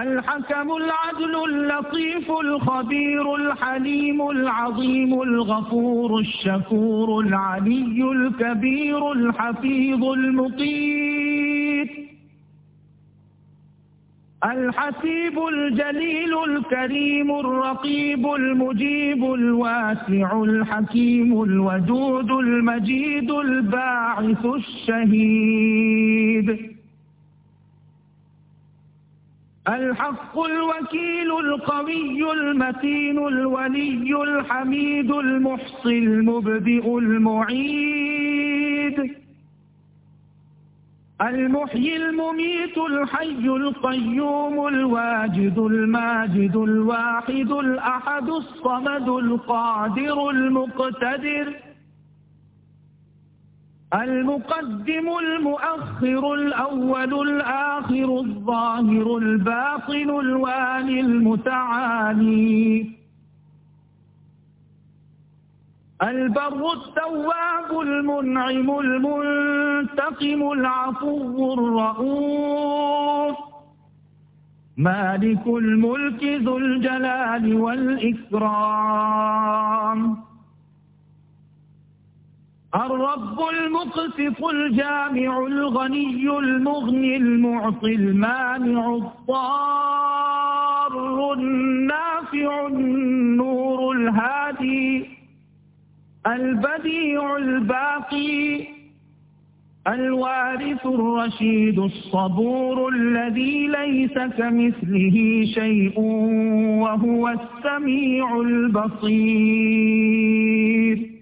الحكم العدل اللطيف الخبير الحليم العظيم الغفور الشكور العلي الكبير الحفيظ المقيت الحسيب الجليل الكريم الرقيب المجيب الواسع الحكيم الودود المجيد الباعث الشهيد الحق الوكيل القوي المتين الولي الحميد المحصي المبدئ المعيد المحيي المميت الحي القيوم الواجد الماجد الواحد الأحد الصمد القادر المقتدر المقدم المؤخر الأول الآخر الظاهر الباطن الوالي المتعالي البر التواب المنعم المنتقم العفو الرؤوف مالك الملك ذو الجلال والإكرام الرب المقسط الجامع الغني المغني المعطي المانع الضار النافع النور الهادي البديع الباقي الوارث الرشيد الصبور الذي ليس كمثله شيء وهو السميع البصير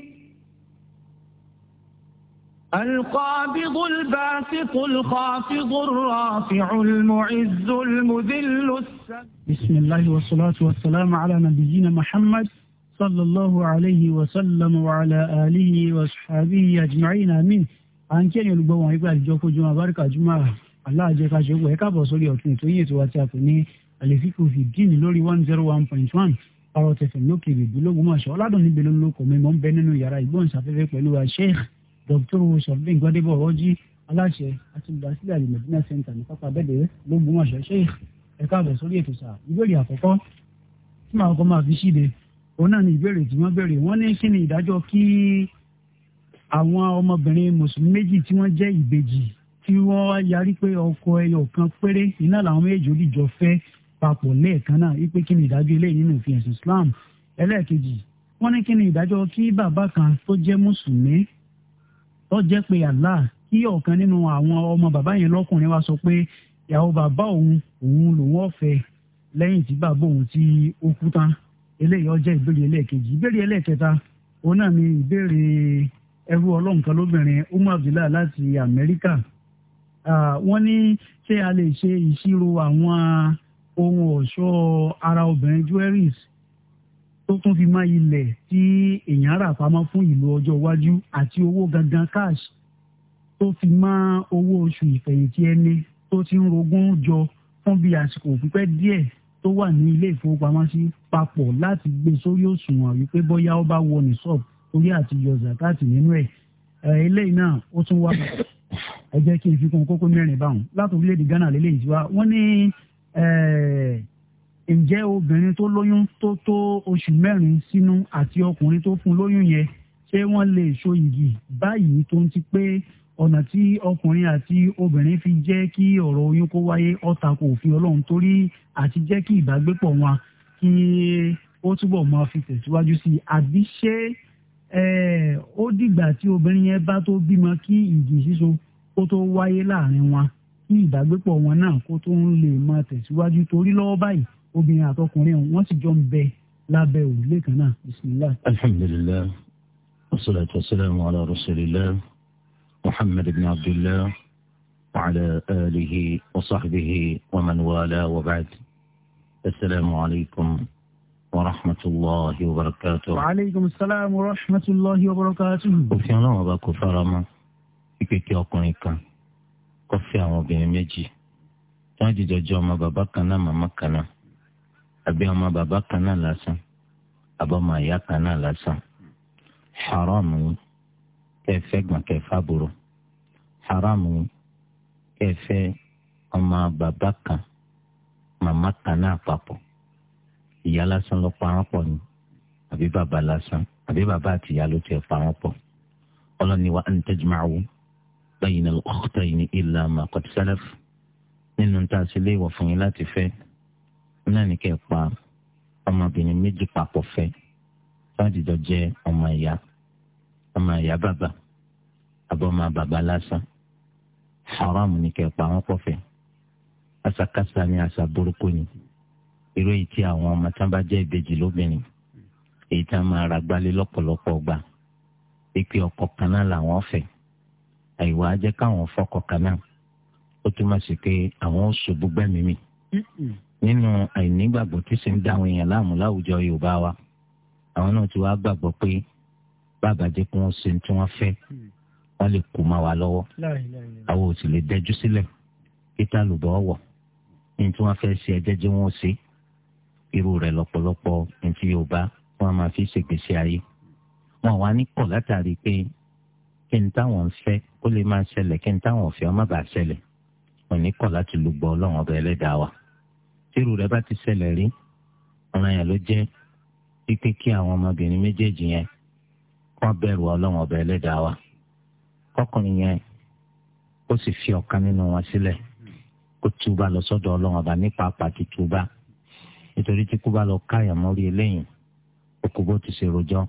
القابض الباسط الخافض الرافع المعز المذل بسم الله والصلاة والسلام على نبينا محمد صلى الله عليه وسلم وعلى آله وصحبه أجمعين آمين à ń kí ẹ̀yin olùgbọ́ wọn ìgbà àdìjọ kó jùmọ̀ abáríkà jùmọ̀ aláàjẹkáṣe wọ̀ ẹ́ káàbọ̀ sórí ọ̀tún ètò yìí ètò àti àpò ní àlèfíkò fìdíìnì lórí one zero one point one ọ̀rọ̀ tẹ̀sán lókè ìbèbí lógún mọ̀ṣọ́ níbi ló lóko mímọ́ ń bẹ nínú yàrá ìgbóhùnsáfẹ́fẹ́ pẹ̀lú Sheikh dr sọ̀rọ̀dé gbadébọ̀ ọjí aláṣẹ àti olùdásílẹ̀ alimọ̀dínà center ní pápá abẹ́dẹ̀ lógún ọ̀ṣẹ́ ṣe ẹ̀ka àbẹ̀ sórí ètò sáà ìbéèrè àkọ́kọ́ tí màá kọ́ máa fi ṣíde òun náà ni ìbéèrè tí wọ́n béèrè wọ́n ní kí ni ìdájọ́ kí àwọn ọmọbìnrin mùsùlùmí méjì tí wọ́n jẹ́ ìbejì tí wọ́n yarí pé ọkọ ẹyọ kan péré iná làwọn méjì olùjọ fẹ́ papọ̀ lẹ́ẹ̀kan náà wípé kí ni ìdájọ́ eléyìí nínú òfin ẹ̀sìn Islam ẹlẹ́ẹ̀kejì wọ́n ní kí ni ìdájọ́ kí bàbá kan tó jẹ́ mùsùlùmí tó jẹ́ pé Allah kí ọ̀kan nínú àwọn ọmọ bàbá yẹn lọ́kùnrin wa sọ pé ìyàwó bàbá òun òun lòun ọ̀fẹ́ lẹ́yìn tí bàbá òun ti ó kú tán eléyìí ó jẹ́ ìbéèrè ẹlẹ́ẹ̀kejì ìbéèrè ẹlẹ́ẹ̀kẹta òun náà ni ìbéèrè ẹrú ọlọ́run kan lóbìnrin umar abdullah láti amẹ́ríkà wọ́n ní ṣé a lè ṣe ìṣirò àwọn ohun ọ̀ṣọ́ ara obìnrin jewelries tó tún fi mọ ilẹ̀ tí èèyàn rà pamọ́ fún ìlú ọjọ́ iwájú àti owó gangan cash tó fi mọ owó oṣù ìfẹ̀yìntì ẹni tó ti ń rogún jọ fún bí àsìkò pípẹ́ díẹ̀ tó wà ní ilé ìfowópamọ́sí papọ̀ láti gbé sórí òṣùwọ̀n wípé bóyá ó bá wọ ní sọ́ọ̀bù torí àti yọ zakati nínú ẹ̀ eléyìí náà ó tún wá ẹ jẹ́ kí n fi kún kókó mẹ́rin báwọn láti orílẹ̀-èdè Ghana lélẹ́yìí tí wá wọ́n ní ǹjẹ́ obìnrin tó lóyún tó tó oṣù mẹ́rin sínú àti ọkùnrin tó fún lóyún yẹn ṣé wọ́n lè so yìgì báyìí tó ń ti pé ọ̀nà tí ọkùnrin àti obìnrin fi jẹ́ kí ọ̀rọ̀ oyún kó wáyé ó tako òfin ọlọ́run torí àti jẹ́ kí ìbágbépọ̀ wọn kí ó túbọ̀ máa fi tẹ̀síwájú sí i àbí ṣé ó dìgbà tí obìnrin yẹn bá tó bímọ kí ìjì síso kó tó wáyé láàrin wọn kí ìbágbépọ̀ wọn náà kó tó ń lè máa tẹ̀síwájú torí lọ́wọ́ báyìí obìnrin àtọkùnrin wọn sì jọ ń bẹ lábẹ́ òrùlé kan náà bisimilah. alhamdulilayi wasalaatu wasalaamu ala rasulillah muhammad ibn abdullah wa ala alihi wa sahbihi wa man wala wa ba'd asalaamu alaykum wa rahmatulahi wa barakatuh. wa aleykum salaam wa rahmatulahi wa barakatuh. òfin ọlọ́run ọba kò fara mọ́ ọkùnrin kan kó àwọn obìnrin méjì wọ́n jìjọ jẹ́ ọmọ bàbá kan náà màmá kan náà àbí ọmọ bàbá kan náà lásán àbọ̀mọ̀ àyá kan náà lásán haram ni kẹfẹ́ gbọ̀n kẹfà burú haram ni kẹfẹ́ ọmọ bàbá kan màmá kan náà papọ̀ ìyá lásán ló parọ́ pọ̀ ni àbí bàbá lásán àbí bàbá àti ìyá ló tiẹ̀ parọ́ pọ̀ ọlọ́ni wa an tajma'u bayna al-ukhtayni illa ma qad salaf nínú tá a sì léèwọ̀ fún yín láti fẹ́ náà ní kẹ́ ẹ pa ọmọbìnrin méjì papọ̀ fẹ́ fàdìjọ jẹ́ ọmọ ìyá ọmọ ìyá bàbá àbọ̀ ọmọ bàbá lásán haram ní kẹ́ ẹ pa wọ́n pọ̀ fẹ́ àṣàkáṣà ni àṣà burúkú ni irú èyí tí àwọn ọmọ tán bá jẹ́ ìbejì lóbìnrin èyí tá a máa ra gbálé lọ́pọ̀lọpọ̀ gbà pípé ọkọ kan náà làwọn fẹ́ àìwá jẹ́ káwọn fọkọ kan náà ó túmọ̀ sí pé àwọn ò ṣubú gbẹ́mìí mi nínú àìnígbàgbọ́ tó sì ń dá àwọn èèyàn láàmú láwùjọ yorùbá wa àwọn náà ti wá gbàgbọ́ pé bàbá jẹ́ kí wọ́n ṣe tí wọ́n fẹ́ hmm. wọ́n lè kó má wa lọ́wọ́ àwọn ò sì lè dẹjú sílẹ̀ kíta lùbọ́ wọ̀ ní tí wọ́n fẹ́ ṣe ẹjẹ́ jẹ́ wọ́n ṣe irú rẹ̀ lọ́pọ̀lọpọ̀ ní ti yorùbá wọ́n máa fi ṣègbésí ayé wọn wá ní kọ̀ látàrí pé kí n táwọn fẹ́ kó lè máa ṣẹlẹ̀ kí n táwọn fẹ́ ọ má bàa ṣẹlẹ̀ wọn kọ̀ láti lùgbọ́ ọlọ́run ọba ẹlẹ́dàá wa tírù rẹ̀ bá ti ṣẹlẹ̀ rí ọ̀ràn yẹn ló jẹ́ pípé kí àwọn ọmọbìnrin méjèèjì yẹn wọ́n bẹ̀rù ọlọ́run ọbẹ̀ ẹlẹ́dàá wa kọkùnrin yẹn ó sì fi ọ̀kan nínú wọn sílẹ̀ kó túbà lọ sọ́dọ̀ ọlọ́run ọba nípa pàtó túbà nítorí tí kú bá lọ káyà mọ́rí eléyìí òkú bó ti ṣe rojọ́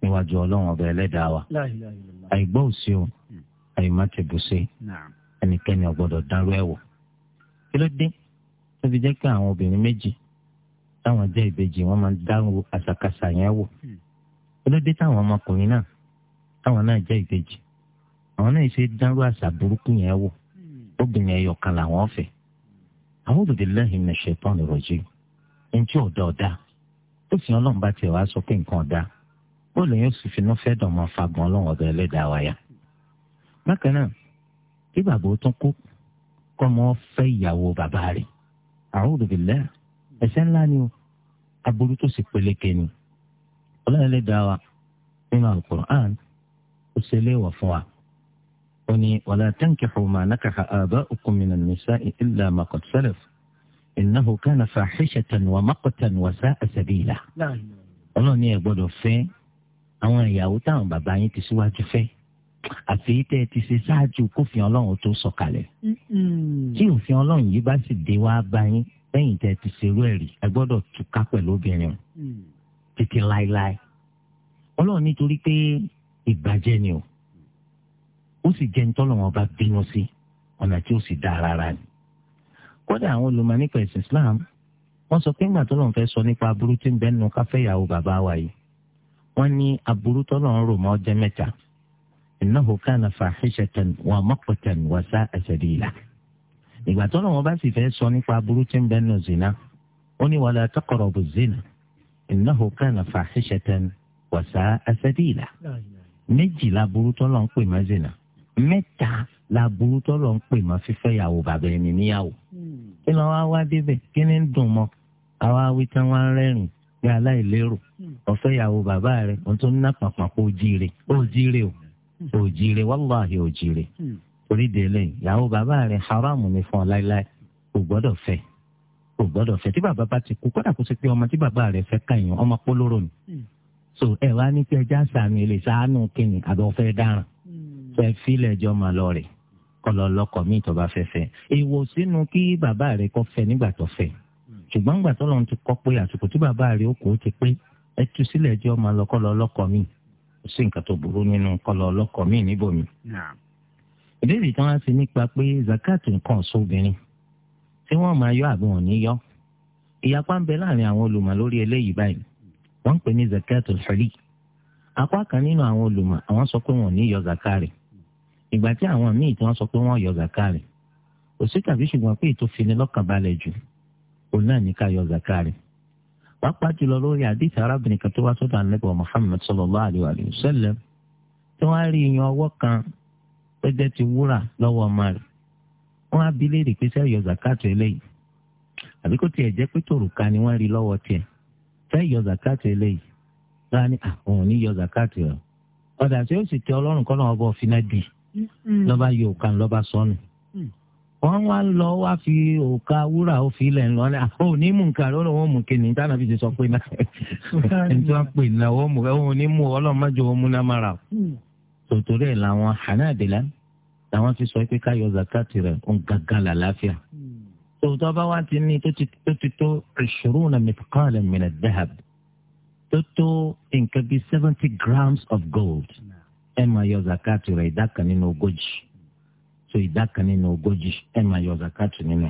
níwájú ọlọ́run ọba ẹlẹ́dàá wa àìgbọ́ òsì o hmm. àìmọ́ tẹ̀bùsẹ̀ ẹnikẹ́ni ọ̀gbọ́dọ̀ dárú ẹ̀wọ̀ kí ló dé ó fi jẹ́ pé àwọn obìnrin méjì táwọn jẹ́ ìbejì wọ́n máa ń dáwọ́ àṣàkáṣà yẹn wò olóde táwọn ọmọkùnrin náà táwọn náà jẹ́ ìbejì àwọn náà ṣe dárú àṣà burúkú yẹn wò obìnrin ẹyọ kan làwọn fẹ́ àwọn òdòdó lẹ́yìn ní ṣetán ìrọ̀jì ẹnjẹ́ ọ̀dà ọ̀dà ó sì ọlọ́run bá tiẹ̀ wá sọ pé nǹkan ọ̀dà ó lè yóò sì finú fẹ́ dàn máa fagbọn ọlọ́run ẹlẹ́dàá wáyà bákan náà kí bàbá ó tún kú kọ́ mọ́ fẹ́ ìyàwó bàbá rẹ̀ a'udhu billah ẹ̀ṣẹ̀ ńlá ni o aburú tó sì peléke ni ọlọ́run lè dá wa nínú al-Qur'an ó ṣe léèwọ̀ fún wa ó ní wala tankihu ma nakaha aba'ukum minan nisa'i illa ma qad salaf innahu kana fahishatan wa maqtan wa sa'a ọlọ́run ní ẹ gbọ́dọ̀ fẹ́ àwọn ìyàwó táwọn bàbá yín ti síwájú fẹ́ àfi tẹ́ ẹ ti ṣe ṣáájú kófin ọlọ́run tó sọ̀kalẹ̀. tí òfin ọlọ́run yìí bá sì dé wá bá yín lẹ́yìn tẹ́ ti ṣerú ẹ̀ rí ẹ gbọ́dọ̀ túká pẹ̀lú obìnrin mm. títí láéláé. ọlọ́run nítorí pé ìbàjẹ́ ni o ó sì jẹ́ ntọ́lọ́wọ́n bá bínú sí ọ̀nà tí ó sì dá rárá ni. kódà àwọn olùmọ̀ nípa ẹ̀sìn Islam wọ́n sọ pé ńgbà tó lọ́n fẹ́ sọ nípa aburú tí ń bẹ́ẹ̀ nù káfẹ́yàwó bàbá wa yìí wọ́n ní aburú tọ́lọ́run rò mọ́ ọjọ́ mẹ́ta innahu kana fahishatan wa maqtan wa sa'a sabila. ìgbà tó lọ́wọ́ bá sì fẹ́ sọ nípa aburú tí ń bẹ nù zina ó ní wala taqrabu zina innahu kana fahishatan wa sa'a sabila. méjì laburú tó lọ́ ń pè má zina mẹ́ta laburú tó lọ́ ń pè má fífẹ́ yàwó bàbá ẹni níyàwó. kí ló wá wá débẹ̀ kí ni ń dùn mọ́ àwa wí tán wá ń rẹ́rìn pé aláìlérò ọ̀fẹ́ yàwó bàbá rẹ̀ ohun tó ń ná pàpà kó jíire ó jíire o òjìrè wàláhì òjìrè hmm. torí délé ìyàwó bàbá rẹ̀ haramu ni fún ọ láéláé kò gbọ́dọ̀ fẹ́ kò gbọ́dọ̀ fẹ́ tí bàbá bá ti kú kódà kó ṣe pé ọmọ tí bàbá rẹ̀ fẹ́ kàyàn ọmọ polóró ni hmm. so ẹ wá ní kí ẹja sàmì lè sàánú kìnnì àbẹ ọfẹ dáràn hmm. fẹ́ fílẹ ẹjọ máa lọ rẹ kọlọ lọkọ mi tó bá fẹ́ fẹ́ sínú kí bàbá rẹ̀ kọ fẹ́ nígbà tó fẹ́ ṣùgbọ́n gbàtọ́ lọ́n ti kọ́ pé àsìkò tí bàbá rẹ̀ ó kò ó ti pé ẹ tú sílẹ̀ ẹjọ́ máa lọ́kọ́ lọ lọ́kọ mi kò sí nǹkan tó burú nínú kọlọ ọlọ́kọ míì níbòmí. ìbéèrè tí wọ́n ṣe nípa pé zakat nǹkan sóbìnrin tí wọ́n máa yọ àbí wọ́n ní yọ ìyapa ń bẹ láàrin àwọn olùmọ̀ lórí eléyìí báyìí wọ́n ń pè ní zakat al-huli apá kan nínú àwọn olùmọ̀ àwọn sọ pé wọ́n ní yọ zakari ìgbà tí àwọn míì tí wọ́n sọ pé wọ́n yọ zakari òsì tàbí ṣùgbọ́n pé ètò ìfinilọ́kànbalẹ̀ jù òun náà ní ká yọ zakari pàápàá jùlọ lórí àdìsí arábìnrin kan tó wá sọ́dọ̀ ànábì Muhammad sallallahu alayhi wa sallam tí wọ́n á rí iyan ọwọ́ kan tó jẹ́ ti wúrà lọ́wọ́ ọmọ rẹ̀ wọ́n á bi léèrè pé sẹ́yọ̀ zakato eléyìí àbí kó tiẹ̀ jẹ́ pé tòrùka ni wọ́n rí lọ́wọ́ tiẹ̀ sẹ́yọ̀ zakato eléyìí láwọn ní àwọn ah, ò ní yọ ọ̀dà tí ó sì tẹ ọlọ́run kọ́ wọ́n wá ń lọ wá fi òkà wúrà ó fi ilẹ̀ ńlọ ní àwọn ah, òní mú nǹkan lọ́dọ̀ wọn mú kíni dáná fi ti sọ pé náà ẹni tí pè náà wọ́n mú ẹ̀wọ̀n òní mú wọn mú náà mara hmm. tòtòrí ẹ̀ làwọn hànádìlá làwọn fi sọ pé káyọ̀ zakati rẹ̀ ń gàgà làlàáfíà hmm. tòótọ́ bá wá ti ní tó ti tó ishiruna mithqala min ad-dahab tó tó nǹkan bíi seventy grams of gold hmm. ẹ̀ máa yọ zakati rẹ̀ ìdá kan nínú ogójì so ìdá kan nínú ogójì ẹ máa yọ zakatu nínú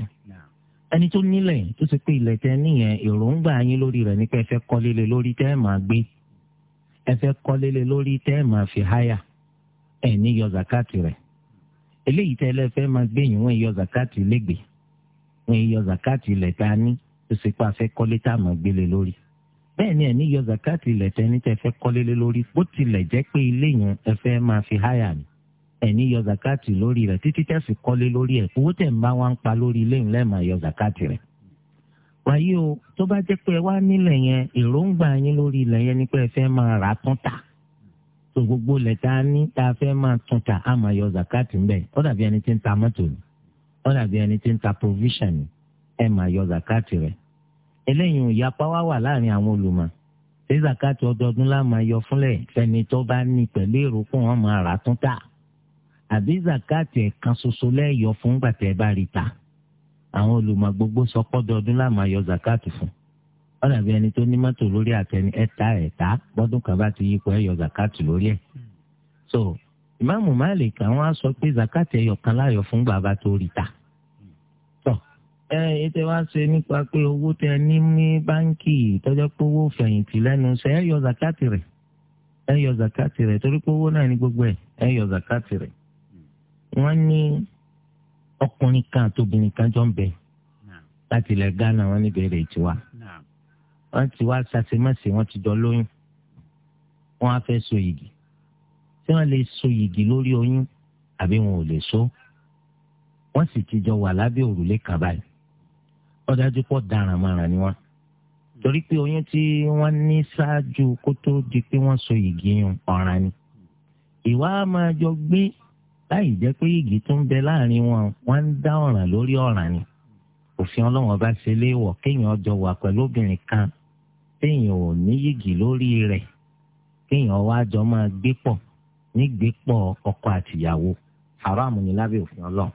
ẹni tó nílẹ̀ tó ṣe pé ilẹ̀ tẹ níyẹn èròǹgbà yín lórí rẹ̀ ní pé ẹ fẹ́ kọ́lélẹ̀ lórí tẹ́ ẹ máa gbé ẹ fẹ́ kọ́lélẹ̀ lórí tẹ́ ẹ máa fi háyà ẹ ní yọ zakat rẹ̀ eléyìí tẹ́ ẹ fẹ́ máa gbé yìí wọ́n yọ zakati lẹ́gbẹ̀ẹ́ wọ́n yọ zakati ilẹ̀ tá a ní tó ṣe pé a fẹ́ kọ́lé tá a máa gbélé lórí bẹ́ẹ̀ ni ẹ ní yọ zakati ilẹ̀ tẹ́ ẹ ní tẹ́ ẹ fẹ́ kọ́lélẹ̀ lórí bó tilẹ̀ jẹ́ pé ilé yẹn ẹ fẹ́ máa fi háyà ni ẹni yọ zakati lórí rẹ̀ títí tẹsí kọ́lé lórí ẹ̀ owó tẹ̀ ń bá wa ń pa lórí ilé ńlẹ mà yọ zakati rẹ̀. wàyí o tó bá jẹ́ pé ẹ wá nílẹ̀ yẹn èròǹgbà yín lórí ilẹ̀ yẹn ni pé ẹ fẹ́ máa rà tún ta tó gbogbo lẹ̀ tá a ní tá a fẹ́ máa tún ta á máa yọ zakati ńbẹ̀ ó dàbí ẹni tí ń ta mọ́tò ni ó dàbí ẹni tí ń ta provision ni ẹ máa yọ zakati rẹ̀ eléyìí ìyapa wá wà láàrin àwọn olùmọ̀ ṣé zakati ọdọọdún lá máa yọ fúnlẹ̀ fẹ́ni tó bá ní pẹ̀lú èrò fún wọn máa rà tún ta àbí zakati ẹ̀kan ṣoṣo lẹ́yọ fún gbàtẹ́ bá rí ta àwọn olùmọ̀ gbogbo sọ pọ́dọọdún láàmú ayọ zakati fún ó dàbí ẹni tó ní mọ́tò lórí àtẹni ẹ̀ta ẹ̀ta gbọ́dún kan bá ti yípo ẹ̀yọ zakati lórí ẹ̀ hmm. so ìmáàmù Malik àwọn á sọ pé zakati ẹ̀yọ kan láyọ fún bàbá tó rí ta tọ́ ẹ ètò wa ṣe nípa pé owó tẹ ní ní báńkì tọ́jọ́ pé owó fẹ̀yìntì lẹ́nu ṣe ẹ̀yọ zakati rẹ̀ ẹ̀yọ zakati rẹ̀ torí pé owó náà ní gbogbo ẹ̀ ẹ̀yọ zakati rẹ̀ wọ́n ní ọkùnrin kan àtòbìnrin kan jọ ń bẹ láti ilẹ̀ Ghana wọ́n ní bẹ̀rẹ̀ ìtiwa wọ́n ti wá sàṣemáṣe wọ́n ti jọ lóyún wọ́n á fẹ́ so yìgì tí wọ́n lè so yìgì lórí oyún àbí wọn ò lè so wọ́n sì ti jọ wà lábẹ́ òrùlé kan báyìí wọ́n dájú pọ̀ dáràn ni wọ́n torí pé oyún tí wọ́n ní ṣáájú kó tó di pé wọ́n so yìgì yun ọ̀ràn ni ìwà máa jọ gbé láì jẹ́ pé igi tó ń bẹ láàrin wọn wọ́n ń dá ọ̀ràn lórí ọ̀ràn ni òfin ọlọ́wọ́n bá ṣe léèwọ̀ kéèyàn jọ wà pẹ̀lú obìnrin kan téèyàn ò ní yìgì lórí rẹ̀ kéèyàn wá jọ máa gbé pọ̀ nígbé pọ̀ ọkọ àtìyàwó haram ni lábẹ́ òfin ọlọ́run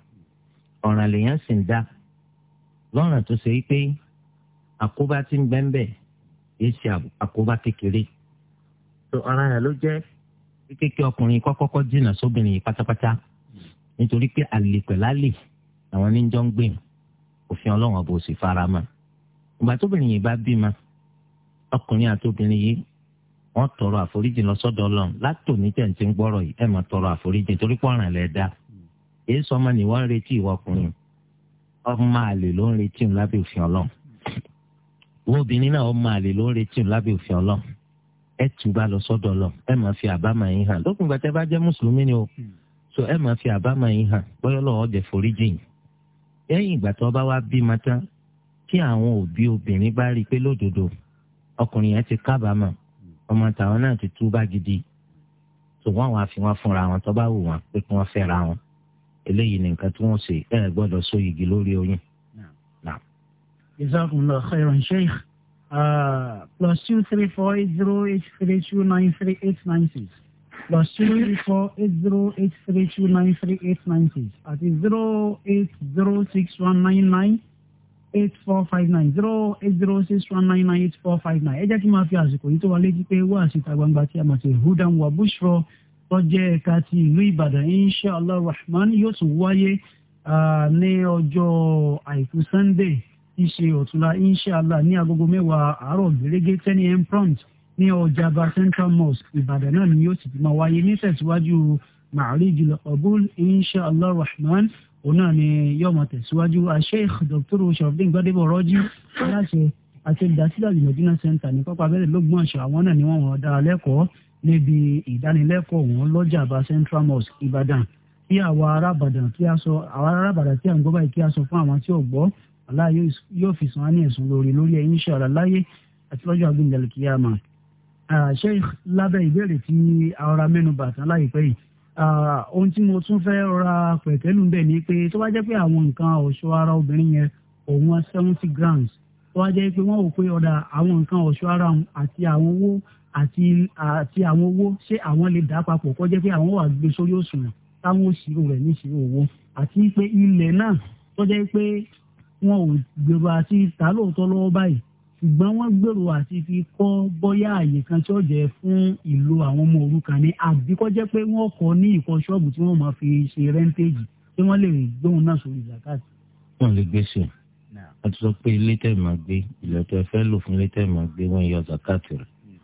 ọ̀ràn lèèyàn sì ń dá lọ́ràn tó ṣe pé àkóbá ti ń bẹ́ńbẹ́ yìí ṣe àkóbá kékeré tó ọ̀ràn yẹn ló jẹ́ kékeré ọkùnrin kọ́kọ́kọ́ jìnnà sóbìnrin pátápátá nítorí pé àlè pẹ̀lálè àwọn níjọ́ ń gbìn òfin ọlọ́run ọ̀bọ̀ sì fara mọ́ ìgbà tóbìnrin yìí bá bímọ ọkùnrin àtòbìnrin yìí wọ́n tọrọ àforíjì lọ sọ́dọ̀ ọlọ́run látòní tẹ̀ǹtì ń gbọ́rọ̀ yìí ẹ̀ máa tọrọ àforíjì torí pọ́nrán lẹ̀ dá èyí sọmọ ni wọ́n ń retí ìwọ ọkùnrin ọmọ àlè ló ń retí òun lábẹ́ òfin ọlọ́run wọ́n obìnrin náà ọmọ àlè ló ń retí òun lábẹ́ òfin ọlọ́run ẹ tù so ẹ máa fi àbámọ̀ yín hàn bọ́yọ́ lọ́wọ́ jẹ foríjì yín lẹ́yìn ìgbà tó bá wá bímọ tán tí àwọn òbí obìnrin bá rí i pé lódodo ọkùnrin yẹn ti kábàámọ̀ ọmọ tàwọn náà ti túbá gidi so wọ́n àwọn àfihàn fúnra wọn tó bá wù wọ́n pé kí wọ́n fẹ́ra wọn eléyìí ni nǹkan tí wọ́n ṣe ẹ gbọ́dọ̀ so igi lórí oyún. jazakumullahu khairan sheikh uh, plus two three four eight zero eight three two nine three eight nine six plus two four eight zero eight three two nine three eight nine six at zero eight zero six one nine nine eight four five nine zero eight zero six one nine nine eight four five nine ẹ jẹ́ kí n máa fi àsìkò yìí tó wa létí pé wá síta gbangba tí a máa ṣe hudan wa bushro tọ́jẹ́ ẹ̀ka ti ìlú ìbàdàn inshallah rahman yóò tún wáyé ní ọjọ́ àìkú sunday tí ṣe ọ̀túnla inshallah ní agogo mẹ́wàá àárọ̀ gẹ́gẹ́ ten a.m. prompt ní ọjàba central mosque ìbàdàn náà ni yóò sì ti máa wáyé nítẹ̀síwájú ma'arijil qabul insha allah rahman òun náà ni yóò máa tẹ̀síwájú sheikh dr sharafdin gbadebo rọ́jí aláṣẹ àti olùdásílẹ̀ alimọ̀dínà center ní pápá abẹ́rẹ́ lọ́gbọ̀n àṣà àwọn náà ni wọ́n wọ́n dára lẹ́kọ̀ọ́ níbi ìdánilẹ́kọ̀ọ́ wọn lọ́jàba central mosque ìbàdàn kí àwa arábàdàn kí a sọ àwa arábàdàn tí à ń gbọ́ báyìí kí a sọ fún àwọn tí ò gbọ́ Allah yóò fi san á ní ẹ̀sùn lórí lórí ẹ̀yìn iṣẹ́ ọ̀la láyé àti lọ́jọ́ àgbéǹdàlùkìyàmà sheikh lábẹ́ ìbéèrè tí ara mẹ́nu bàtà láìpẹ́ yìí ohun tí mo tún fẹ́ ra pẹ̀kẹ́lù bẹ́ẹ̀ ni pé tó bá jẹ́ pé àwọn nǹkan ọ̀ṣọ́ ara obìnrin yẹn òun seventy grams tó bá jẹ́ pé wọ́n ò pé ọ̀dà àwọn nǹkan ọ̀ṣọ́ ara àti àwọn owó àti àti àwọn owó ṣé àwọn lè dà papọ̀ kó jẹ́ pé àwọn wà gbé sórí òṣùwọ̀n táwọn ò rẹ̀ ní ìṣirò owó àti pé ilẹ̀ náà tó jẹ́ pé wọn ò gbèrò àti ìtàlóòtọ́ lọ́wọ́ báyìí ṣùgbọ́n wọ́n gbèrò àti fi kọ́ bọ́yá àyè kan tí ó jẹ́ fún ìlò àwọn ọmọ òrukàn ní àbí kọ́ jẹ́ pé wọ́n kọ́ ní ìkọ́ ṣọ́ọ̀bù tí wọ́n máa fi ṣe rẹ́ńtéèjì tí wọ́n lè gbóhùn náà sórí zakat. wọ́n lè gbèsè a ti sọ pé ilé tẹ̀ máa gbé ilẹ̀ tó fẹ́ lò fún ilé tẹ̀ máa gbé wọ́n yọ zakat rẹ̀ hmm.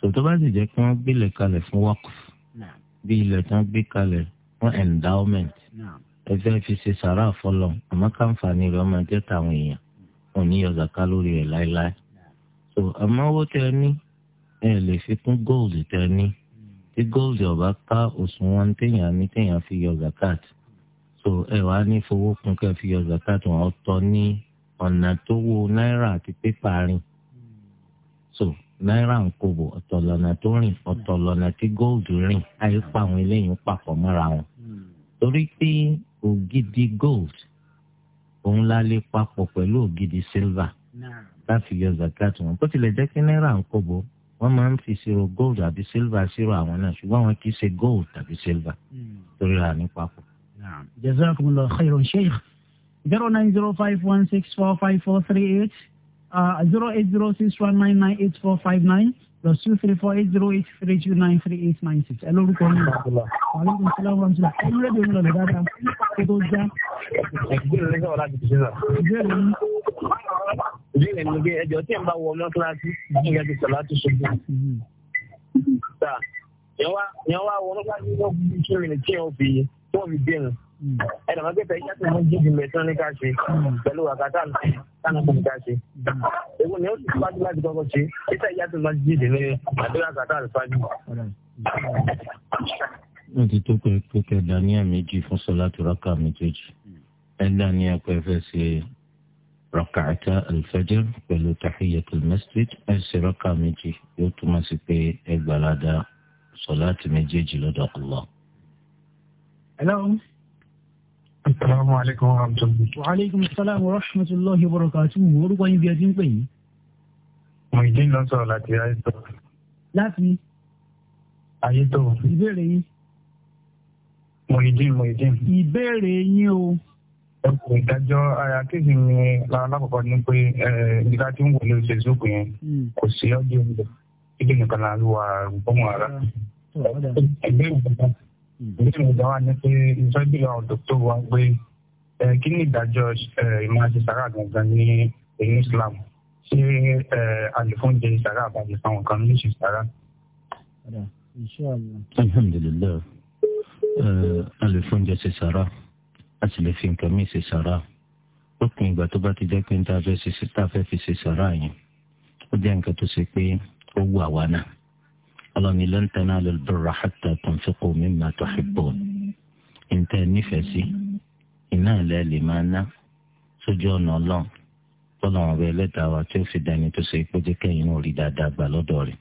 sọ̀tọ́ bá sì jẹ́ pé wọ́n gbélé kalẹ̀ fún waqf bí ilẹ̀ tó endowment ẹ fẹ́ fi ṣe sàrà fọlọ́ àmọ́ káǹfààní rẹ̀ wọn ní yọ zaka lórí rẹ̀ láéláé so àmọ́ owó tẹ ní ẹ lè fi kún góòlù tẹ ní tí góòlù ọba ká òṣùwọ̀n téèyàn ní téèyàn fi yọ zakat so ẹ wá ní fowó kún kẹ́ fi yọ zakat wọn ọ̀tọ̀ ní ọ̀nà tó wo náírà àti pépà rìn so náírà ń kobo ọ̀tọ̀ lọ́nà tó rìn ọ̀tọ̀ lọ́nà tí góòlù rìn àyípa àwọn eléyìí ń papọ̀ mọ́ra wọn hmm. torí pé ògidì góòlù òun la lè papọ̀ pẹ̀lú ògidì silver láti yọ zakat wọn bó tilẹ̀ jẹ́ kí náírà ń kóbo wọ́n máa ń fi ṣírò gold àbí silver ṣírò àwọn náà ṣùgbọ́n wọn kì í ṣe gold àbí silver hmm. torí ra ní papọ̀. jazakumullahu khairan sheikh zero nine zero five one six four five four three eight uh, zero eight zero six one nine nine eight four five nine plus two three four eight zero eight three two nine three eight nine six ẹ lórúkọ mi aleykum salaam wa rahmatulah ẹ lórí èdè òun lọ dáadáa kó tó já. ìbéèrè ní ọ̀la tuntun sísè. ìbéèrè ní. ìbéèrè ní pé ẹjọ́ tí n bá wọ ọmọ kíláàsì ní ìyá ti sọlá tó ṣubú. yẹn wá yẹn wá wọ ọmọ kíláàsì ní ọgbìn kí ni tí yẹn ò fi tó fi dé nù ẹnìmọ kẹta iṣẹ́ tí wọn jíjì mẹsán ní ká ṣe pẹ̀lú wàkàtà táwọn kò ní ká ṣe èwo ni ó ti fájú láti kọ́kọ́ ṣe iṣẹ́ ìyá tí wọn jíjì ní àdúrà kàtà àlùfáàjù. wọ́n ti tó pé kẹ́ dání àméjì fún sọ́láàtì rákà méjèèjì ẹ̀ dání ẹ̀kọ́ ẹ̀fẹ́ ṣe rákàtà àlùfáàjù pẹ̀lú tahiyatul masjid ẹ̀ ṣe rákà méjì yóò túmọ̀ sí pé ẹgbàládà sọ́láàtì méjèèjì lọ́dọ̀ Allah. Hello. Assalamu alaikum wa rahmatullahi. Wa alaikum salam wa rahmatullahi wa barakatuh. Orúkọ yín bí ẹ ti ń pè yín. Mo ìdí lọ sọ̀rọ̀ láti Ayétò. Láti. Ayétò. Ìbéèrè yín. Mo ìdí mo ìdí. Ìbéèrè yín o. Ẹ̀kọ́ ìdájọ́ akéèsì ni alákọ̀ọ́kọ́ ni pé ìdá tí ń wò ní Facebook yẹn hmm. kò sí ọdún ìdè nìkan láàlú wa gbọ́mọ̀ ara. Ẹgbẹ́ ìgbà èyí tí mo gbà wá ní pé ìsọjí àwọn dókítà wa pé kí ni ìdájọ́ ìmọ̀ àti sàrà gangan ní èyí Islam ṣé àlùfóúnjẹ sàrà àbàjẹ fáwọn kan ní ìṣẹ̀ sàrà. alhamdulilayi àlùfóúnjẹ ṣe sàrà a sì lè fi nǹkan míì ṣe sàrà lópin ìgbà tó bá ti jẹ́ pé ń tá a fẹ́ fi ṣe sàrà yẹn ó jẹ́ nǹkan tó ṣe pé ó wù àwa náà. ọlọ́ni lẹ́ń tẹ́ná lè bẹ̀rẹ̀ hàtà tunfiqu mimma tuhibbun ìtẹ́ nífẹ̀ẹ́ sí iná ilẹ̀ lè máa ná sójú ọ̀nà ọlọ́run tọ́lọ́run ọba ẹlẹ́dàá wa tí ó fi dání tó ṣe pé jẹ́ kẹ́yìn náà rí dáadáa gbà lọ́dọ̀ rẹ̀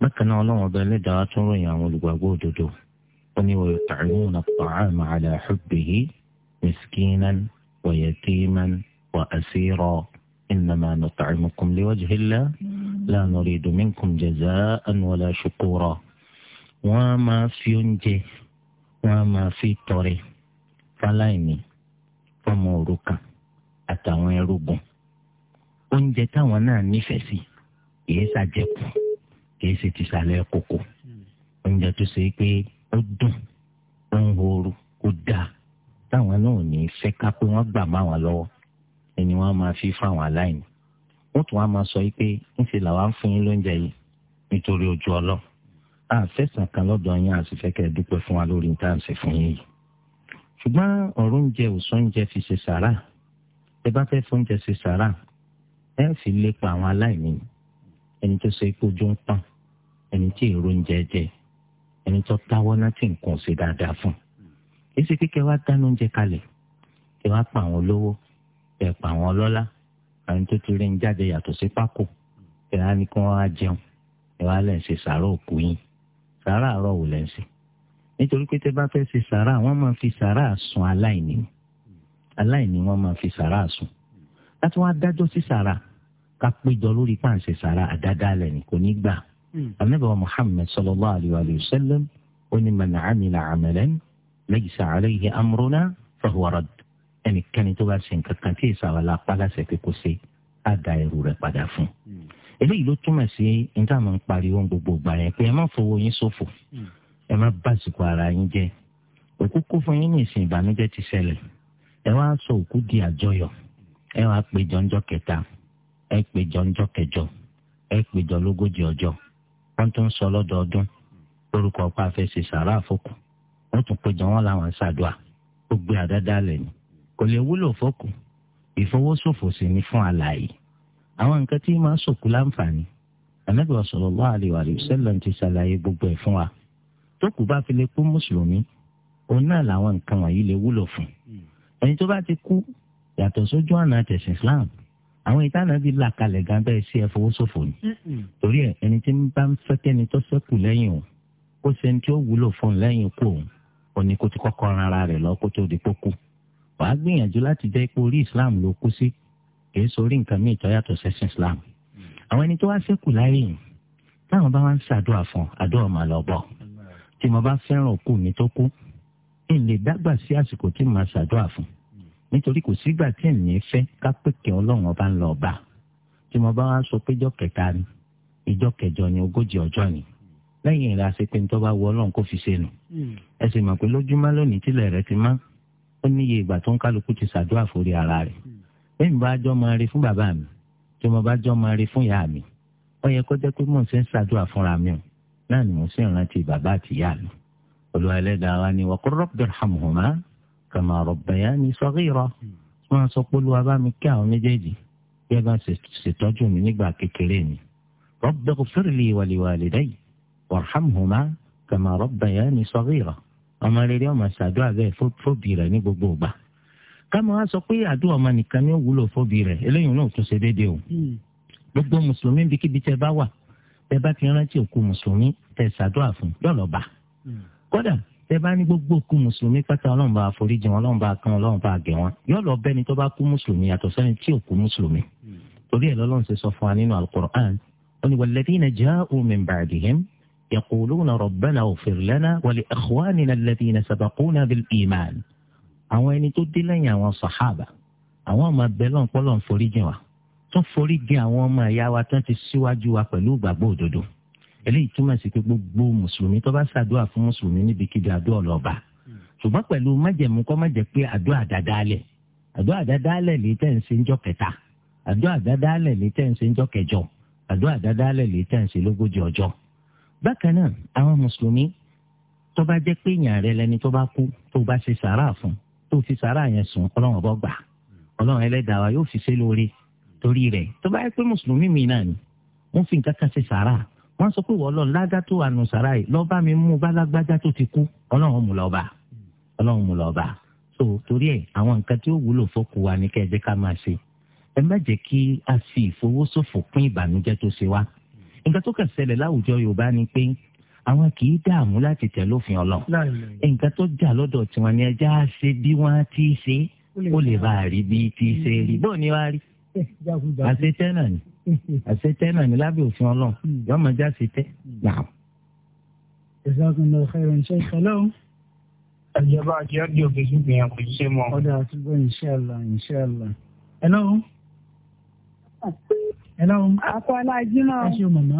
bákan náà ọlọ́run ọba ẹlẹ́dàá wa tún ròyìn àwọn olùgbàgbọ́ òdodo ó ní wa yut'imuna at'ama ala hubbihi miskinan wa yatiman wa asira innama nut'imukum liwajhi llah la nuridu minkum jaza'an wala shukura wọ́n á máa fi oúnjẹ wọ́n á máa fi tọrẹ fáláìní fọmọ òrukàn àtàwọn ẹrúgbìn oúnjẹ táwọn náà nífẹ̀ẹ́ sí kì í ṣàjẹkù kì í ṣe tìsàlẹ̀ kókó oúnjẹ tó ṣe pé ó dùn ó ń horu ó dáa táwọn náà ò ní fẹ́ ká pé wọ́n gbà má wọn ẹni wọ́n máa fi fáwọn aláìní wọ́n tún wá máa sọ yìí pé ńṣe làwa ń fún yín lóúnjẹ yìí nítorí ojú ọlọ́ àfẹ́sàn kan lọ́dọ̀ yín àsìfẹ́kẹ́ dúpẹ́ fún wa lórí níta àṣẹ fún yín yìí ṣùgbọ́n ọ̀rọ̀ oúnjẹ òsán oúnjẹ fi ṣe sàrà ẹ bá fẹ́ fún oúnjẹ ṣe sàrà ẹ fi lépa àwọn aláìní ẹni tó ṣe ikú ojú ń pọ́n ẹni tí èrò oúnjẹ jẹ ẹni tó táwọ́ náà tí nǹkan ṣe dáadáa fún èsì kíkẹ́ wá dáná oúnjẹ kalẹ̀ kẹ́ wá pa àwọn olówó kẹ́ pa àwọn ọlọ́lá àwọn tó ti rí ń jáde yàtọ̀ sí pákó ìlànà ni kí wọ́n á jẹun ìwà lẹ̀ ń ṣe sàárà òkú yín sàárà àárọ̀ wò lẹ́ ń ṣe nítorí pé tẹ́ bá fẹ́ ṣe sàárà wọ́n máa fi sàárà sun aláìní aláìní wọ́n máa fi sàárà sun láti wọ́n á dájọ́ sí sàárà ká péjọ lórí pàǹsẹ̀ sàárà àdádálẹ̀ ni kò ní gbà anábẹ́wò hmm. Muhammad sallallahu alayhi wa sallam ó ní man amila amalan laysa alayhi amruna fahuwa radd ẹnikẹ́ni tó bá ṣe nǹkan kan tí ìsàwọ̀ la pálásẹ̀ pé kó ṣe á da ẹrù rẹ̀ padà fún un. Hmm. eléyìí ló túmọ̀ sí níta ń pariwo gbogbo ìgbà yẹn pé ẹ má fowó yín ṣòfò hmm. ẹ má ara yín òkúkú fún yín ní ìsìn ti ẹ wá sọ òkú di àjọyọ̀ ẹ wá pé jọjọ kẹta ẹ pé jọjọ kẹjọ ẹ pé jọ lógójì ọjọ́ wọn tún sọ lórúkọ ọpá wọn tún pé jọ wọn làwọn ó gbé kò lè wúlò fókù ìfowósòfò sì ni fún alààyè àwọn nǹkan tí máa sòkú láǹfààní ànábì sallallahu alaihi wa sallam ti ṣàlàyé gbogbo ẹ̀ fún wa tó kù bá fi lè kú mùsùlùmí òun náà làwọn nǹkan wọ̀nyí lè wúlò fún ẹni tó bá ti kú yàtọ̀ sójú ọ̀nà àtẹ̀sìn Islam àwọn ìtànà bíi là kalẹ̀ gan bẹ́ẹ̀ sí ẹ fowósòfò ni torí ẹ ẹni tí bá ń fẹ́ kẹ́ni tó sẹ́kù lẹ́yìn o ó ṣe tí ó wúlò fún lẹ́yìn kú òun òní kó ti kọ́kọ́ ran ara rẹ̀ lọ kó tó di pókú wàá gbìyànjú láti jẹ́ pé orí islam ló kú sí kìí sórí nǹkan míì tó yàtọ̀ sẹ́sìn islam. Hmm. àwọn ẹni tó wá ṣẹ́kù láyé yìí táwọn bá wá ń ṣàdúrà fún àdúrà mà lọ bọ̀ tí mo bá fẹ́ràn òkú mi tó kú n lè dágbà sí àsìkò tí mo ṣàdúrà fún nítorí kò sígbà tí èmi fẹ́ ká pé kí ọlọ́run ọba ń lọ bá tí mo bá wá sọ pé ìjọ kẹta ni ìjọ kẹjọ ni ogójì ọjọ́ ni lẹ́yìn ìlà àṣepé ní tó bá wọ ọlọ́run kó fi ṣe nù hmm. ẹ sì mọ̀ pé lójúmọ́ lónìí tílẹ̀ rẹ ti máa ó níye ìgbà tó ń kálukú ti ṣàdúrà forí ara rẹ̀ bẹ́ẹ̀ mi bá jọ́ máa rí fún bàbá mi tí mo bá jọ́ máa rí fún ìyá mi ó yẹ kó jẹ́ pé mò ń ṣe ń ṣàdúrà fúnra mi o náà ni mo sì ń rántí bàbá àti ìyá mi olùwà ẹlẹ́dàá wa ni wa qur rabbi irhamhuma kama rabbayani saghira wọn sọ pé olúwa bá mi kí àwọn méjèèjì bí ẹ bá ṣètọ́jú mi nígbà kékeré mi rabbi ighfir li wa liwalidayya warhamhuma kama rabbayani saghira ọmọ rere ọmọ ṣàdúrà bẹ́ẹ̀ fóbi rẹ̀ ní gbogbo ìgbà kámọ́ á sọ pé àdúrà ọmọ nìkan ni ó wúlò fóbi rẹ̀ eléyìí náà tún ṣe déédéé o hmm. gbogbo mùsùlùmí bíkíbi tẹ bá wà tẹ bá ti rántí òkú mùsùlùmí tẹ ṣàdúrà fún yọlọba hmm. kódà tẹ bá ní gbogbo òkú mùsùlùmí pátá ọlọ́run bá foríjì wọn ọlọ́run bá kan ọlọ́run bá gẹ̀ wọn yọlọ bẹ́ni tó bá kú mùsùlùmí yàtọ̀ sẹ́ni tí òkú mùsùlùmí hmm. torí ẹ̀ lọ́lọ́run ṣe sọ fún wa nínú alukur'an ó يقولون ربنا اغفر لنا ولإخواننا الذين سبقونا بالإيمان àwọn ẹni tó dé lẹ́yìn àwọn sàhábà àwọn ọmọ abẹ lọ́n pọ́ lọ́n forí jìn wá tó forí jìn àwọn ọmọ ẹ̀yà wa tó ti síwájú wa pẹ̀lú ìgbàgbọ́ òdodo eléyìí túmọ̀ sí pé gbogbo mùsùlùmí tó bá ṣàdúrà fún mùsùlùmí níbikíbi àdúrà lọ́ba ṣùgbọ́n pẹ̀lú májẹ̀mú kọ́ májẹ̀ pé àdúrà dáadáalẹ̀ àdúrà dáadáalẹ̀ lè tẹ̀ ń ṣe ńjọ́ kẹta àdúrà dáadáalẹ̀ lè tẹ̀ ń ṣe ńjọ́ kẹjọ àdúrà dáadáalẹ̀ lè tẹ̀ ń ṣe lógójì ọjọ́ bákan náà àwọn mùsùlùmí tó bá jẹ́ pé èèyàn rẹ lẹni tó bá kú tó bá ṣe sàárà fún tó fi sàárà yẹn sùn ọlọ́run ọ̀bọ gbà ọlọ́run ẹlẹ́dàá wa yóò fi ṣe lóore torí rẹ̀ tó bá yẹ pé mùsùlùmí mi náà ni wọ́n fi nǹkan kan ṣe sàárà wọ́n sọ pé wọ́ọ́lọ́ ládá tó wà sàárà yìí lọ́ọ́ bá mi mú bálágbádá tó ti kú ọlọ́run mú lọ́ọ́ bá ọlọ́run mú lọ́ọ́ bá so torí ẹ̀ àwọn nǹkan tí ó wúlò fọ́kù wa ni kẹ́ ká máa ṣe ẹ má jẹ́ kí a fi ìfowósòfò pín ìbànújẹ́ tó ṣe wá nǹkan tó kàn ṣẹlẹ̀ láwùjọ yorùbá ni pé àwọn kì í dààmú láti tẹ̀ lófin ọlọ́run nǹkan tó jà lọ́dọ̀ tiwọn ni ẹja á ṣe bí wọ́n ti ṣe ó lè bá a rí bí ti ṣe rí mm-hmm. bóun ni wàá rí àṣetẹ́ náà ni àṣetẹ́ náà ni lábẹ́ òfin ọlọ́run mm. yọ́n máa já ṣetẹ́ mm. náà. jazakumullahu khairan ṣe ìṣẹ́lẹ̀ ẹ̀jẹ̀ bá a kí á òkè sí ìgbìyànjú ṣe mọ́. ọ̀dà àtúbọ̀ inshallah hello. Hello. Akọ́lá Jimá. Ẹ ṣe màmá.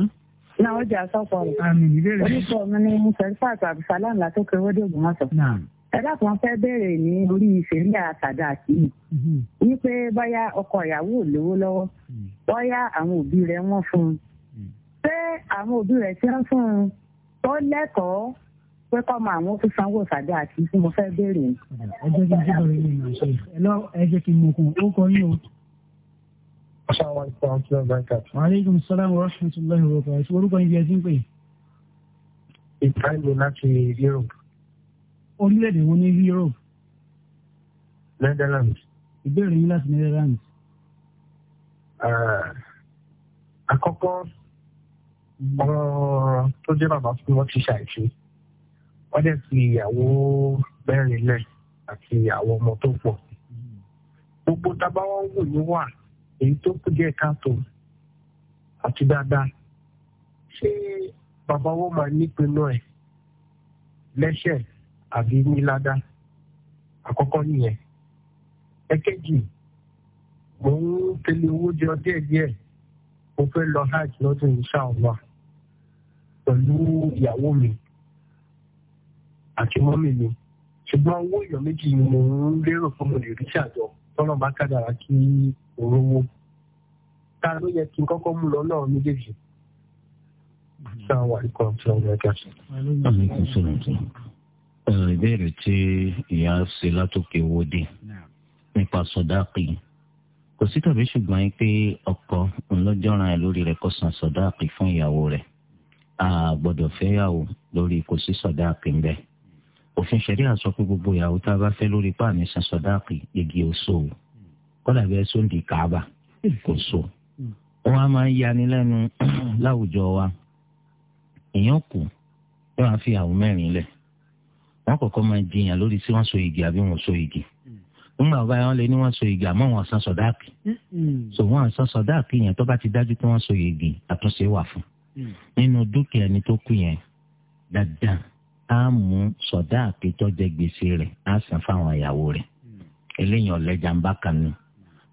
Náà ó jẹ́ Àmì ìbéèrè. Orúkọ mi ni Sẹ́rífàt Abdulsalam Látòkè Wọ́dé fẹ́ ní orí àtàdá mhm. ọkọ ìyàwó ò lówó lọ́wọ́, mhm. àwọn òbí fún un. Mhm. Ṣé àwọn òbí rẹ̀ ti ń fún un lẹ́kọ̀ọ́ pé kọ́ máa àti mo fẹ́ Assalamu alaikum wa barakatuh. Wa alaikum assalam wa rahmatullahi wa barakatuh. Orúkọ ibi ẹ̀sìn pé. Ìtàlẹ̀ láti Europe. Orílẹ̀-èdè wo ní Europe? Netherlands. Ìbéèrè yín láti Netherlands. Àkọ́kọ́ ọ̀rọ̀ tó jẹ́ bàbá fún wọn ti ṣàìṣe. Wọ́n dẹ̀ fi ìyàwó mẹ́rin lẹ̀ àti àwọn ọmọ tó pọ̀. Gbogbo tábáwọ́ wò ló wà èyí tó kú díẹ̀ káàtó àti dáadáa ṣé bàbá wọn máa nípinnu ẹ̀ lẹ́sẹ̀ àbí níládá àkọ́kọ́ nìyẹn ẹ̀kẹ́jì mò ń tẹ̀lé owó jọ díẹ̀díẹ̀ mo fẹ́ lọ hajj lọ́dún ìṣàlùwà pẹ̀lú ìyàwó mi àti mọ́mì mi ṣùgbọ́n owó èèyàn méjì ni mò ń lérò pé mo lè rí ṣàjọ tọ́nà bá kádàrá kí òróró ta ló yẹ kí n kọ́kọ́ mú lọ náà méjèèjì. sáwọn àìkọ́ tí wọ́n yẹ kí a ṣe. ìbéèrè tí ìyá ṣe látòkè wòde nípa sọdáàkì kò sí tàbí ṣùgbọ́n yín pé ọkọ ńlọ́jọ́ràn ẹ̀ lórí rẹ̀ kó san sọdáàkì fún ìyàwó rẹ̀ a gbọ́dọ̀ fẹ́yàwó lórí kò sí sọdáàkì ń bẹ́ẹ̀ òfin ṣẹ̀rí àsọ pé gbogbo ìyàwó tá a bá fẹ́ lórí páàní san sọdáàkì igi oṣù kọ́dà bẹ́ẹ̀ sóńdì káàbà kò so wọn a máa ń yani lẹ́nu láwùjọ wa èèyàn kù ẹ wàá fi àwọn mẹ́rin lẹ̀ wọ́n kọ́kọ́ máa jiyàn lórí tí wọ́n so igi àbí wọ́n so igi nígbà wo báyọ̀ lé ní wọ́n so igi àmọ́ wọ́n san sọ̀dáàkì so wọ́n san sọ̀dáàkì yẹn tó bá ti dájú pé wọ́n so igi àtúnṣe wà fún nínú dúkìá ẹni tó kù yẹn dandan á mú sọ̀dáàkì tó jẹ gbèsè rẹ̀ á san fáwọn ìyàwó rẹ̀ eléyìí ọ̀lẹ́jà ń bá kan nù